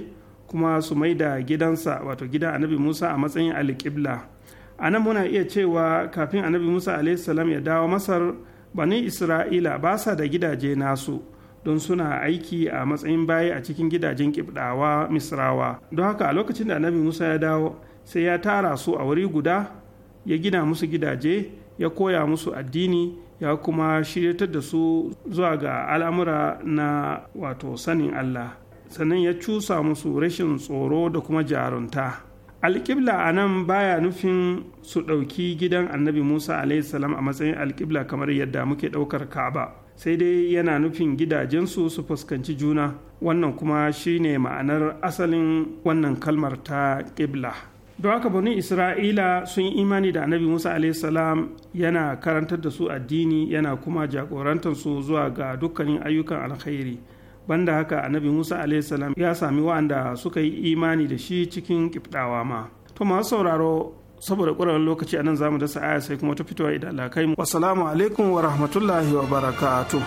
kuma su mai da gidansa wato gida annabi musa a matsayin alƙibla a nan muna iya cewa kafin annabi musa salam ya dawo masar bani isra'ila ba sa da gidaje nasu don suna aiki a matsayin bayi a cikin gidajen kibdawa misrawa don haka a lokacin da annabi musa ya dawo sai ya tara su a wuri guda ya gina musu gidaje ya koya musu addini ya kuma shiryatar da su zuwa ga al'amura na wato sanin allah sannan ya cusa musu rashin tsoro da kuma jarunta alƙibla a nan baya nufin su ɗauki gidan annabi musa salam a matsayin alƙibla kamar yadda muke ɗaukar ka'aba sai dai yana nufin gidajensu su fuskanci juna wannan kuma shine ma'anar asalin wannan kalmar ta ƙibla don haka bani isra'ila sun yi imani da annabi musa salam yana karantar da su addini yana kuma jagorantar zuwa ga dukkanin ayyukan alkhairi banda haka annabi musa salam ya sami wa'anda suka yi imani da shi cikin kiftawa ma to masu sauraro saboda ƙwararren lokaci a nan za mu dasa aya sai kuma ta fitowa idan lakai mu wasalamu alaikum wa rahmatullahi wa barakatu.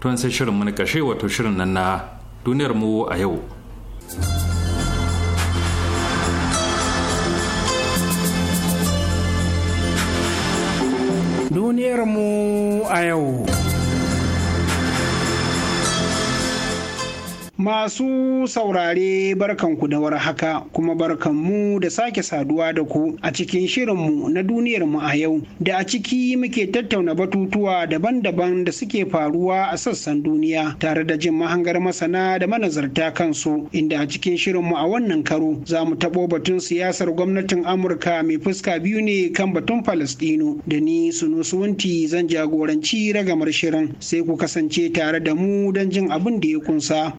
tun sai shirin na kashe wato shirin nan na duniyar mu a yau duniyar mu a yau Masu saurare barkanku da warhaka kuma barkanmu da sake saduwa da ku a cikin shirinmu na duniyar mu a yau da a ciki muke tattauna batutuwa daban-daban da suke faruwa a sassan duniya tare da jin mahangar masana da manazarta kansu inda a cikin shirinmu a wannan karo za mu taɓo batun siyasar gwamnatin Amurka mai fuska biyu ne kan batun Falastino da ni su Sunusuwanti zan jagoranci ragamar shirin sai ku kasance tare da mu don jin abin da ya kunsa.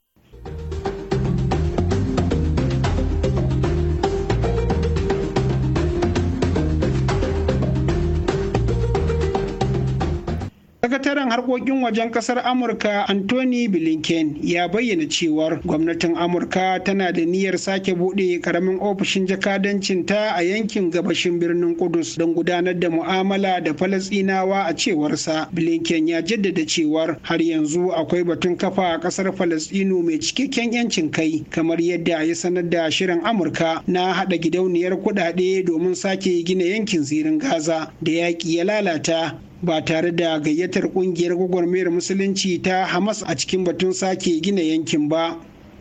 sakataren harkokin wajen kasar amurka anthony blinken ya bayyana cewar gwamnatin amurka tana da niyyar sake buɗe karamin ofishin jakadancin ta a yankin gabashin birnin kudus don gudanar da mu'amala da falasinawa a cewarsa blinken ya jaddada cewar har yanzu akwai batun kafa a kasar falasinu mai cikakken yancin kai kamar yadda ya sanar da shirin amurka na haɗa gidauniyar kuɗaɗe domin sake gina yankin zirin gaza da yaƙi ya lalata ba tare da gayyatar kungiyar gwagwarmayar musulunci ta hamas a cikin batun sake gina yankin ba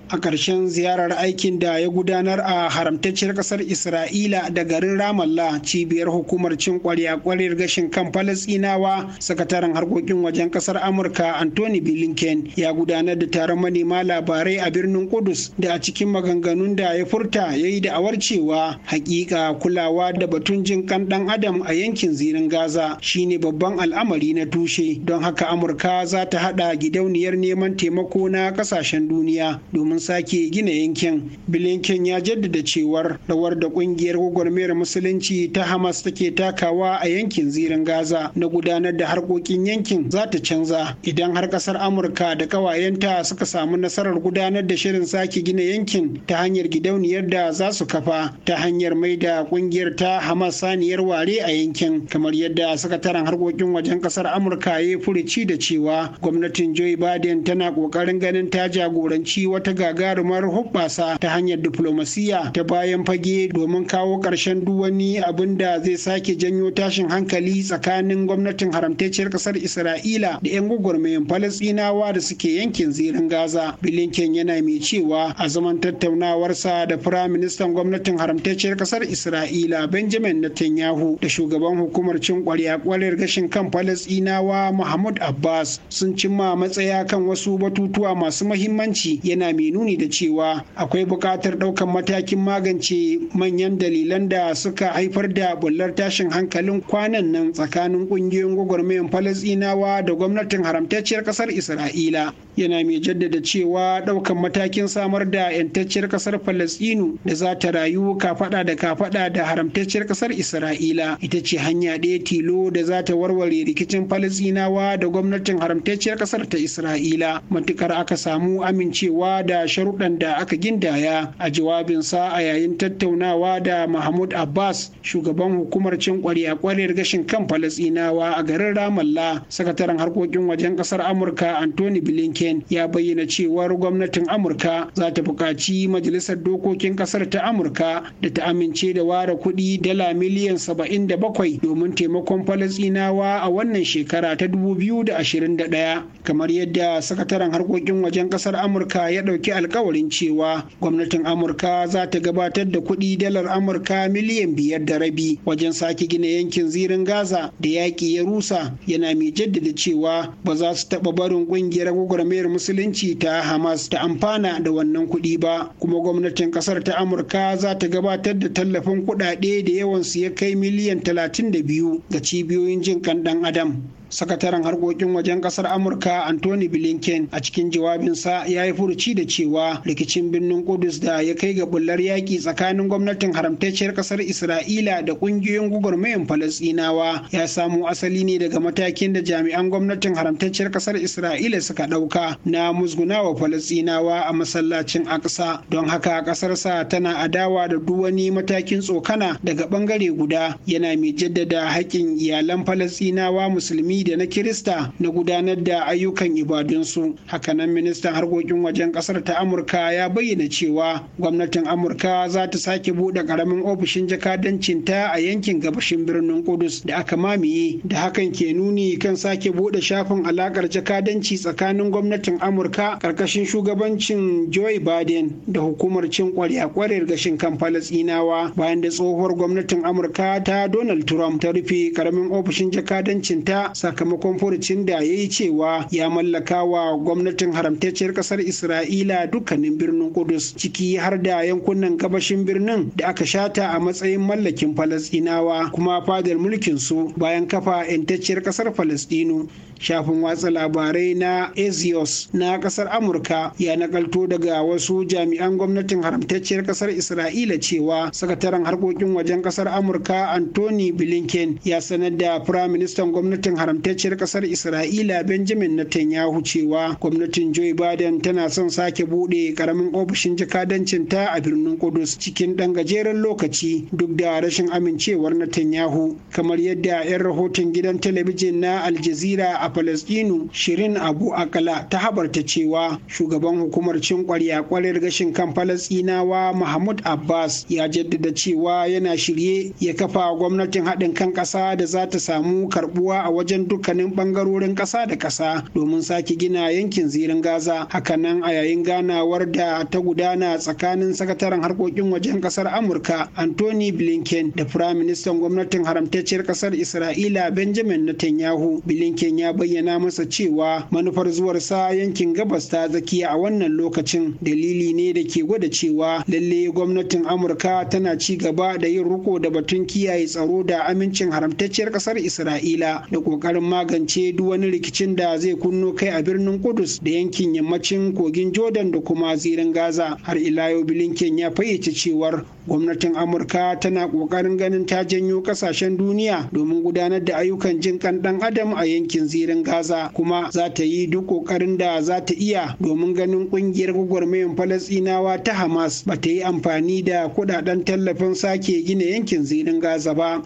a ƙarshen ziyarar aikin da ya gudanar a haramtacciyar ƙasar isra'ila da garin ramallah cibiyar hukumar cin ƙwarya kwarir gashin kan falasinawa sakataren harkokin wajen ƙasar amurka anthony blinken ya gudanar da taron manema labarai a birnin kudus da a cikin maganganun da ya furta ya yi da'awar cewa hakika kulawa da batun jin kan ɗan adam a yankin zirin gaza shine babban al'amari na tushe don haka amurka za ta haɗa gidauniyar neman taimako na ƙasashen duniya domin domin sake gina yankin blinken ya jaddada cewar rawar da kungiyar gwagwarmayar musulunci ta hamas take takawa a yankin zirin gaza na gudanar da harkokin yankin za ta canza idan har kasar amurka da kawayenta suka samu nasarar gudanar da shirin sake gina yankin ta hanyar gidauniyar da za su kafa ta hanyar mai da kungiyar ta hamas saniyar ware a yankin kamar yadda sakataren harkokin wajen kasar amurka ya furici da cewa gwamnatin joe biden tana ƙoƙarin ganin ta jagoranci wata gagarumar hoɓɓasa ta hanyar diplomasiya ta bayan fage domin kawo ƙarshen duk wani abin da zai sake janyo tashin hankali tsakanin gwamnatin haramtacciyar ƙasar isra'ila da 'yan gwagwarmayin falasɗinawa da suke yankin zirin gaza bilinken yana mai cewa a zaman tattaunawarsa da firaministan gwamnatin haramtacciyar ƙasar isra'ila benjamin netanyahu da shugaban hukumar cin ƙwarya ƙwarar gashin kan falasɗinawa mahmud abbas sun cimma matsaya kan wasu batutuwa masu mahimmanci yana mai nuni da cewa akwai buƙatar ɗaukar matakin magance manyan dalilan da suka haifar da bullar tashin hankalin kwanan nan tsakanin ƙungiyoyin gwagwarmayan falasɗinawa da gwamnatin haramtacciyar ƙasar isra'ila yana mai jaddada cewa ɗaukan matakin samar da 'yantacciyar ƙasar falasɗinu da za ta rayu kafaɗa da kafaɗa da haramtacciyar ƙasar isra'ila ita ce hanya ɗaya tilo da za ta warware rikicin falasɗinawa da gwamnatin haramtacciyar ƙasar ta isra'ila matukar aka samu amincewa da sharuɗan da aka gindaya a jawabinsa a yayin tattaunawa da mahmud abbas shugaban hukumar cin a ƙwarar gashin kan falasɗinawa a garin ramallah sakataren harkokin wajen ƙasar amurka Antony blinken blinken ya bayyana cewar gwamnatin amurka za ta buƙaci majalisar dokokin ƙasar ta amurka da ta amince da ware kuɗi dala miliyan 77 domin taimakon falasinawa a wannan shekara ta 2021 kamar yadda sakataren harkokin wajen ƙasar amurka ya ɗauki alkawarin cewa gwamnatin amurka za ta gabatar da kuɗi dalar amurka miliyan biyar da rabi wajen sake gina yankin zirin gaza da yaƙi ya rusa yana mai jaddada cewa ba za su taɓa barin ƙungiyar gwagwarmaya jam'iyyar musulunci ta hamas ta amfana da wannan kuɗi ba kuma gwamnatin ƙasar ta amurka za ta gabatar da tallafin kuɗaɗe da yawan su ya kai miliyan 32 ga cibiyoyin jin kan ɗan adam sakataren harkokin wajen kasar amurka anthony blinken a cikin jawabinsa ya yi furuci da cewa rikicin birnin kudus da ya kai ga bullar yaƙi tsakanin gwamnatin haramtacciyar kasar isra'ila da ƙungiyoyin gwagwarmayan falasɗinawa ya samo asali ne daga matakin da jami'an gwamnatin haramtacciyar kasar isra'ila suka ɗauka na musgunawa falasɗinawa a masallacin aksa don haka sa tana adawa da duk wani matakin tsokana daga ɓangare guda yana mai jaddada haƙƙin iyalan falasɗinawa musulmi da na kirista na gudanar da ayyukan ibadunsu hakanan ministan harkokin wajen kasar ta amurka ya bayyana cewa gwamnatin amurka za ta sake buɗe ƙaramin ofishin jakadancin ta a yankin gabashin birnin kudus da aka mamiye da hakan ke nuni kan sake buɗe shafin alaƙar jakadanci tsakanin gwamnatin amurka ƙarƙashin shugabancin joe biden da hukumar cin kwarya-kwarar gashin kan falasinawa bayan da tsohuwar gwamnatin amurka ta donald trump ta rufe ƙaramin ofishin jakadancin ta sakamakon furucin da ya yi cewa ya mallaka wa gwamnatin haramtacciyar kasar isra'ila dukkanin birnin kudus ciki har da yankunan gabashin birnin da aka shata a matsayin mallakin Falasdinawa, kuma fadar mulkin su bayan kafa 'yantacciyar kasar falasɗinu shafin watsa labarai na Azios na kasar Amurka ya nakalto daga wasu jami'an gwamnatin haramtacciyar kasar Isra'ila cewa sakataren harkokin wajen kasar Amurka Anthony Blinken ya sanar da firaministan gwamnatin haramtacciyar kasar Isra'ila Benjamin Netanyahu cewa gwamnatin Joe Biden tana son sake bude karamin ofishin jakadancin ta a birnin Kudus cikin dan gajeren lokaci duk da rashin amincewar Netanyahu kamar yadda 'yan rahoton gidan talabijin na Al Jazeera a Falasɗinu Shirin Abu Akala ta habarta cewa shugaban hukumar cin ƙwarya ƙwarar gashin kan Falasɗinawa Mahmud Abbas ya jaddada cewa yana shirye ya kafa gwamnatin haɗin kan ƙasa da za ta samu karɓuwa a wajen dukkanin ɓangarorin ƙasa da ƙasa domin sake gina yankin zirin Gaza. Hakanan a yayin ganawar da ta gudana tsakanin sakataren harkokin wajen ƙasar Amurka Anthony Blinken da Firaministan gwamnatin haramtacciyar ƙasar Isra'ila Benjamin Netanyahu. Blinken ya bayyana masa cewa manufar zuwarsa yankin gabas ta tsakiya a wannan lokacin dalili ne da ke gwada cewa lalle gwamnatin amurka tana ci gaba da yin riko da batun kiyaye tsaro da amincin haramtacciyar kasar isra'ila da kokarin magance duk wani rikicin da zai kunno kai a birnin kudus da yankin yammacin kogin jordan da kuma zirin gaza har ila yau bilinken ya fayyace cewar gwamnatin amurka tana kokarin ganin ta janyo kasashen duniya domin gudanar da ayyukan jin kan dan adam a yankin zirin zirin gaza kuma za ta yi duk kokarin da za ta iya domin ganin kungiyar gwagwarmayan falasinawa ta hamas ba ta yi amfani da kudaden tallafin sake gina yankin zirin gaza ba.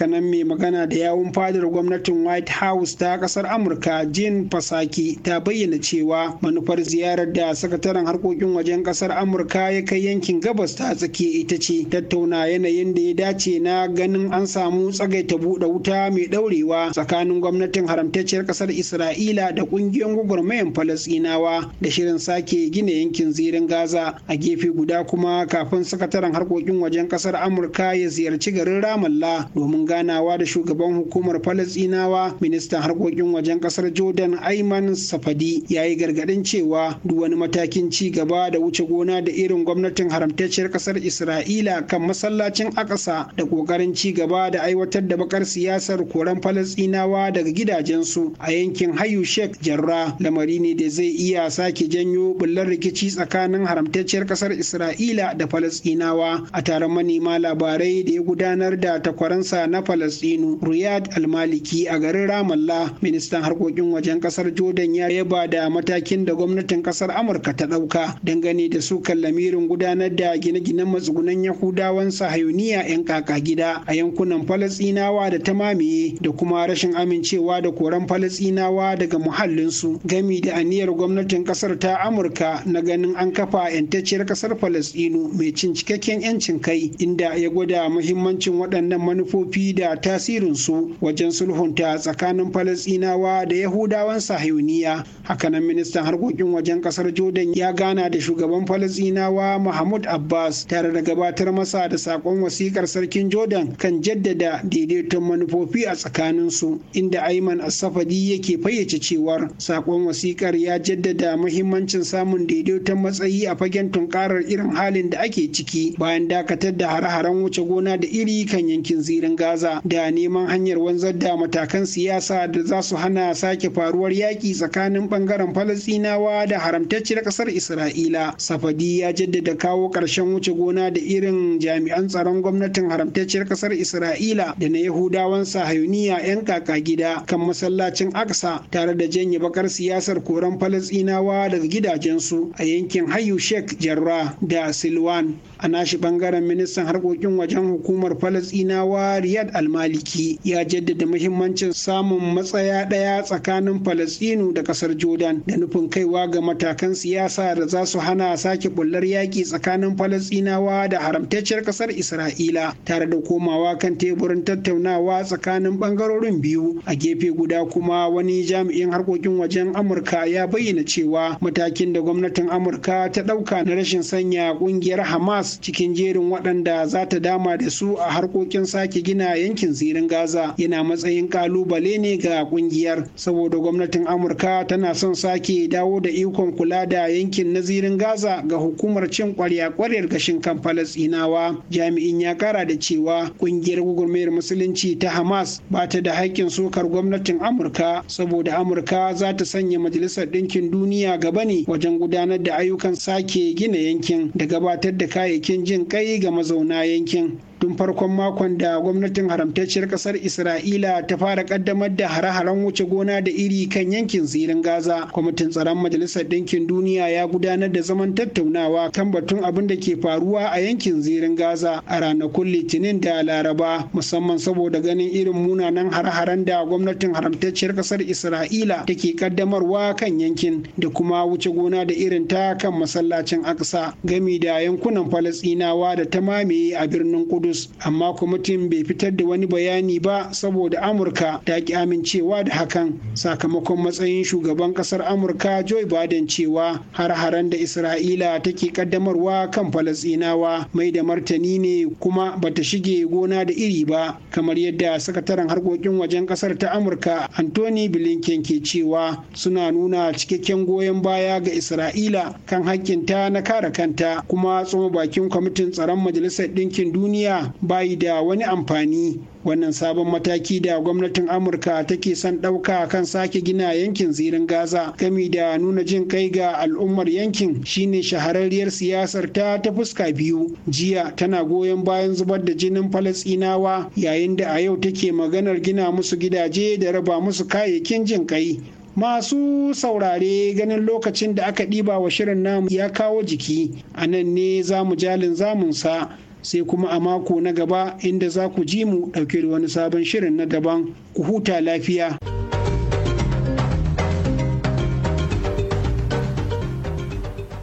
nan mai magana da yawun fadar gwamnatin white house ta kasar amurka jin fasaki ta bayyana cewa manufar ziyarar da sakataren harkokin wajen kasar amurka ya kai yankin gabas ta tsaki ita ce tattauna yanayin da ya dace na ganin an samu tsagaita buɗe wuta mai ɗaurewa tsakanin gwamnatin haramtacciyar kasar isra'ila da ƙungiyar gwagwarmayan falasɗinawa da shirin sake gina yankin zirin gaza a gefe guda kuma kafin sakataren harkokin wajen kasar amurka ya ziyarci garin ramallah domin ganawa da shugaban hukumar falasinawa ministan harkokin wajen kasar jordan ayman safadi ya yi gargaɗin cewa duk wani matakin ci gaba da wuce gona da irin gwamnatin haramtacciyar kasar isra'ila kan masallacin akasa da ƙoƙarin ci gaba da aiwatar da bakar siyasar koran falasinawa daga gidajensu a yankin hayu shek jarra lamari ne da zai iya sake janyo bullar rikici tsakanin haramtacciyar kasar isra'ila da falasinawa a taron manema labarai da ya gudanar da takwaransa na Falasɗinu Riyad Almaliki a garin Ramallah ministan harkokin wajen kasar Jordan ya yaba da matakin da gwamnatin kasar Amurka ta ɗauka dangane da sukan lamirin gudanar da gine-ginen matsugunan Yahudawan sahayuniya 'yan kaka gida a yankunan Falasɗinawa da ta mamaye da kuma rashin amincewa da koran Falasɗinawa daga muhallinsu gami da aniyar gwamnatin kasar ta Amurka na ganin an kafa 'yantacciyar kasar Falasɗinu mai cin cikakken 'yancin kai inda ya gwada muhimmancin waɗannan manufofi manufofi da tasirinsu wajen sulhunta tsakanin falasinawa da yahudawan sahiyuniya hakanan ministan harkokin wajen kasar jordan ya gana da shugaban falasinawa mahmud abbas tare da gabatar masa da sakon wasikar sarkin jordan kan jaddada daidaiton manufofi a tsakaninsu inda aiman asafadi yake fayyace cewar sakon wasikar ya jaddada muhimmancin samun daidaiton matsayi a fagen tunkarar irin halin da ake ciki bayan dakatar da hare-haren wuce gona da iri kan yankin zirin Gaza da neman hanyar wanzar da matakan siyasa da za su hana sake faruwar yaƙi tsakanin ɓangaren Falasɗinawa da haramtacciyar ƙasar Isra'ila. Safadi ya jaddada kawo ƙarshen wuce gona da irin jami'an tsaron gwamnatin haramtacciyar ƙasar Isra'ila da na Yahudawan Sahayuniya 'yan kaka gida kan masallacin Aksa tare da janye bakar siyasar koren Falasɗinawa daga gidajensu a yankin Hayu Sheikh Jarrah da Silwan. a nashi bangaren ministan harkokin wajen hukumar falasinawa riyad almaliki ya jaddada muhimmancin samun matsaya ɗaya tsakanin falasinu da ƙasar jordan da nufin kaiwa ga matakan siyasa da za su hana sake bullar yaki tsakanin falasinawa da haramtacciyar ƙasar isra'ila tare da komawa kan teburin tattaunawa tsakanin bangarorin biyu a gefe guda kuma wani jami'in harkokin wajen amurka ya bayyana cewa matakin da gwamnatin amurka ta ɗauka na rashin sanya ƙungiyar hamas cikin jerin waɗanda za ta dama da su a harkokin sake gina yankin zirin gaza yana matsayin kalubale ne ga kungiyar saboda gwamnatin amurka tana son sake dawo da ikon kula da yankin na zirin gaza ga hukumar cin kwarya kwaryar gashin kan falasinawa jami'in ya kara da cewa kungiyar gwagwarmayar musulunci ta hamas ba ta da haƙƙin sokar gwamnatin amurka saboda amurka za ta sanya majalisar ɗinkin duniya gaba ne wajen gudanar da ayyukan sake gina yankin da gabatar da kayayyakin aikin jin kai ga mazauna yankin tun farkon makon da gwamnatin haramtacciyar kasar isra'ila ta fara kaddamar da hare-haren wuce gona da iri kan yankin zirin gaza kwamitin tsaron majalisar ɗinkin duniya ya gudanar da zaman tattaunawa kan batun abin da ke faruwa a yankin zirin gaza a ranakun litinin da laraba musamman saboda ganin irin munanan hare-haren da gwamnatin haramtacciyar kasar isra'ila take kaddamarwa kan yankin da kuma wuce gona da irin ta kan masallacin aksa gami da yankunan Falasinawa da ta mamaye a birnin kudu Kudus amma kwamitin bai fitar da wani bayani ba saboda Amurka ta ki amincewa da hakan sakamakon matsayin shugaban kasar Amurka Joe Biden cewa har-haren da Isra'ila take kaddamarwa kan Falasɗinawa mai da martani ne kuma bata shige gona da iri ba kamar yadda sakataren harkokin wajen kasar ta Amurka Anthony Blinken ke cewa suna nuna cikakken goyon baya ga Isra'ila kan hakkinta na kare kanta kuma tsoma bakin kwamitin tsaron Majalisar Ɗinkin Duniya Ba bayi da wani amfani wannan sabon mataki da gwamnatin amurka take son ɗauka kan sake gina yankin zirin gaza gami da nuna jin kai ga al'ummar yankin shine shahararriyar siyasar ta ta fuska biyu jiya tana goyon bayan zubar da jinin falasinawa yayin da a yau take maganar gina musu gidaje da raba musu kayayyakin jin kai masu saurare ganin lokacin da aka ɗiba wa shirin namu ya kawo jiki a nan ne zamu jalin zamunsa sai kuma a mako na gaba inda za ku ji mu ɗauke da wani sabon shirin na daban ku huta lafiya.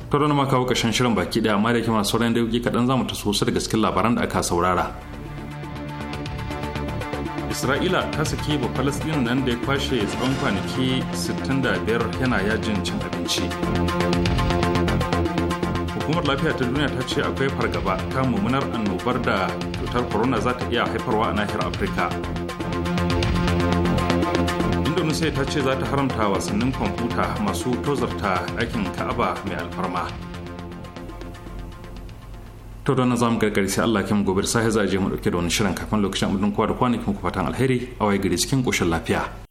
Toro na makawo ƙarshen shirin baki ɗaya amma da kima sauran da yauki kaɗan zamu taso su da gaskin labaran da aka saurara. Isra'ila ta saki ba Falasɗin nan da ya kwashe tsawon kwanaki 65 yana yajin cin abinci. hukumar lafiya ta duniya ta ce akwai fargaba ta mummunar annobar da cutar corona za ta iya haifarwa a nahiyar afirka indonesia ta ce za ta haramta wasannin kwamfuta masu tozarta aikin ka'aba mai alfarma to don za mu gargari sai Allah kim gobe sai za je mu dauke da wani shirin kafin lokacin abin kowa da kwanakin ku fatan alheri a waye gari cikin koshin lafiya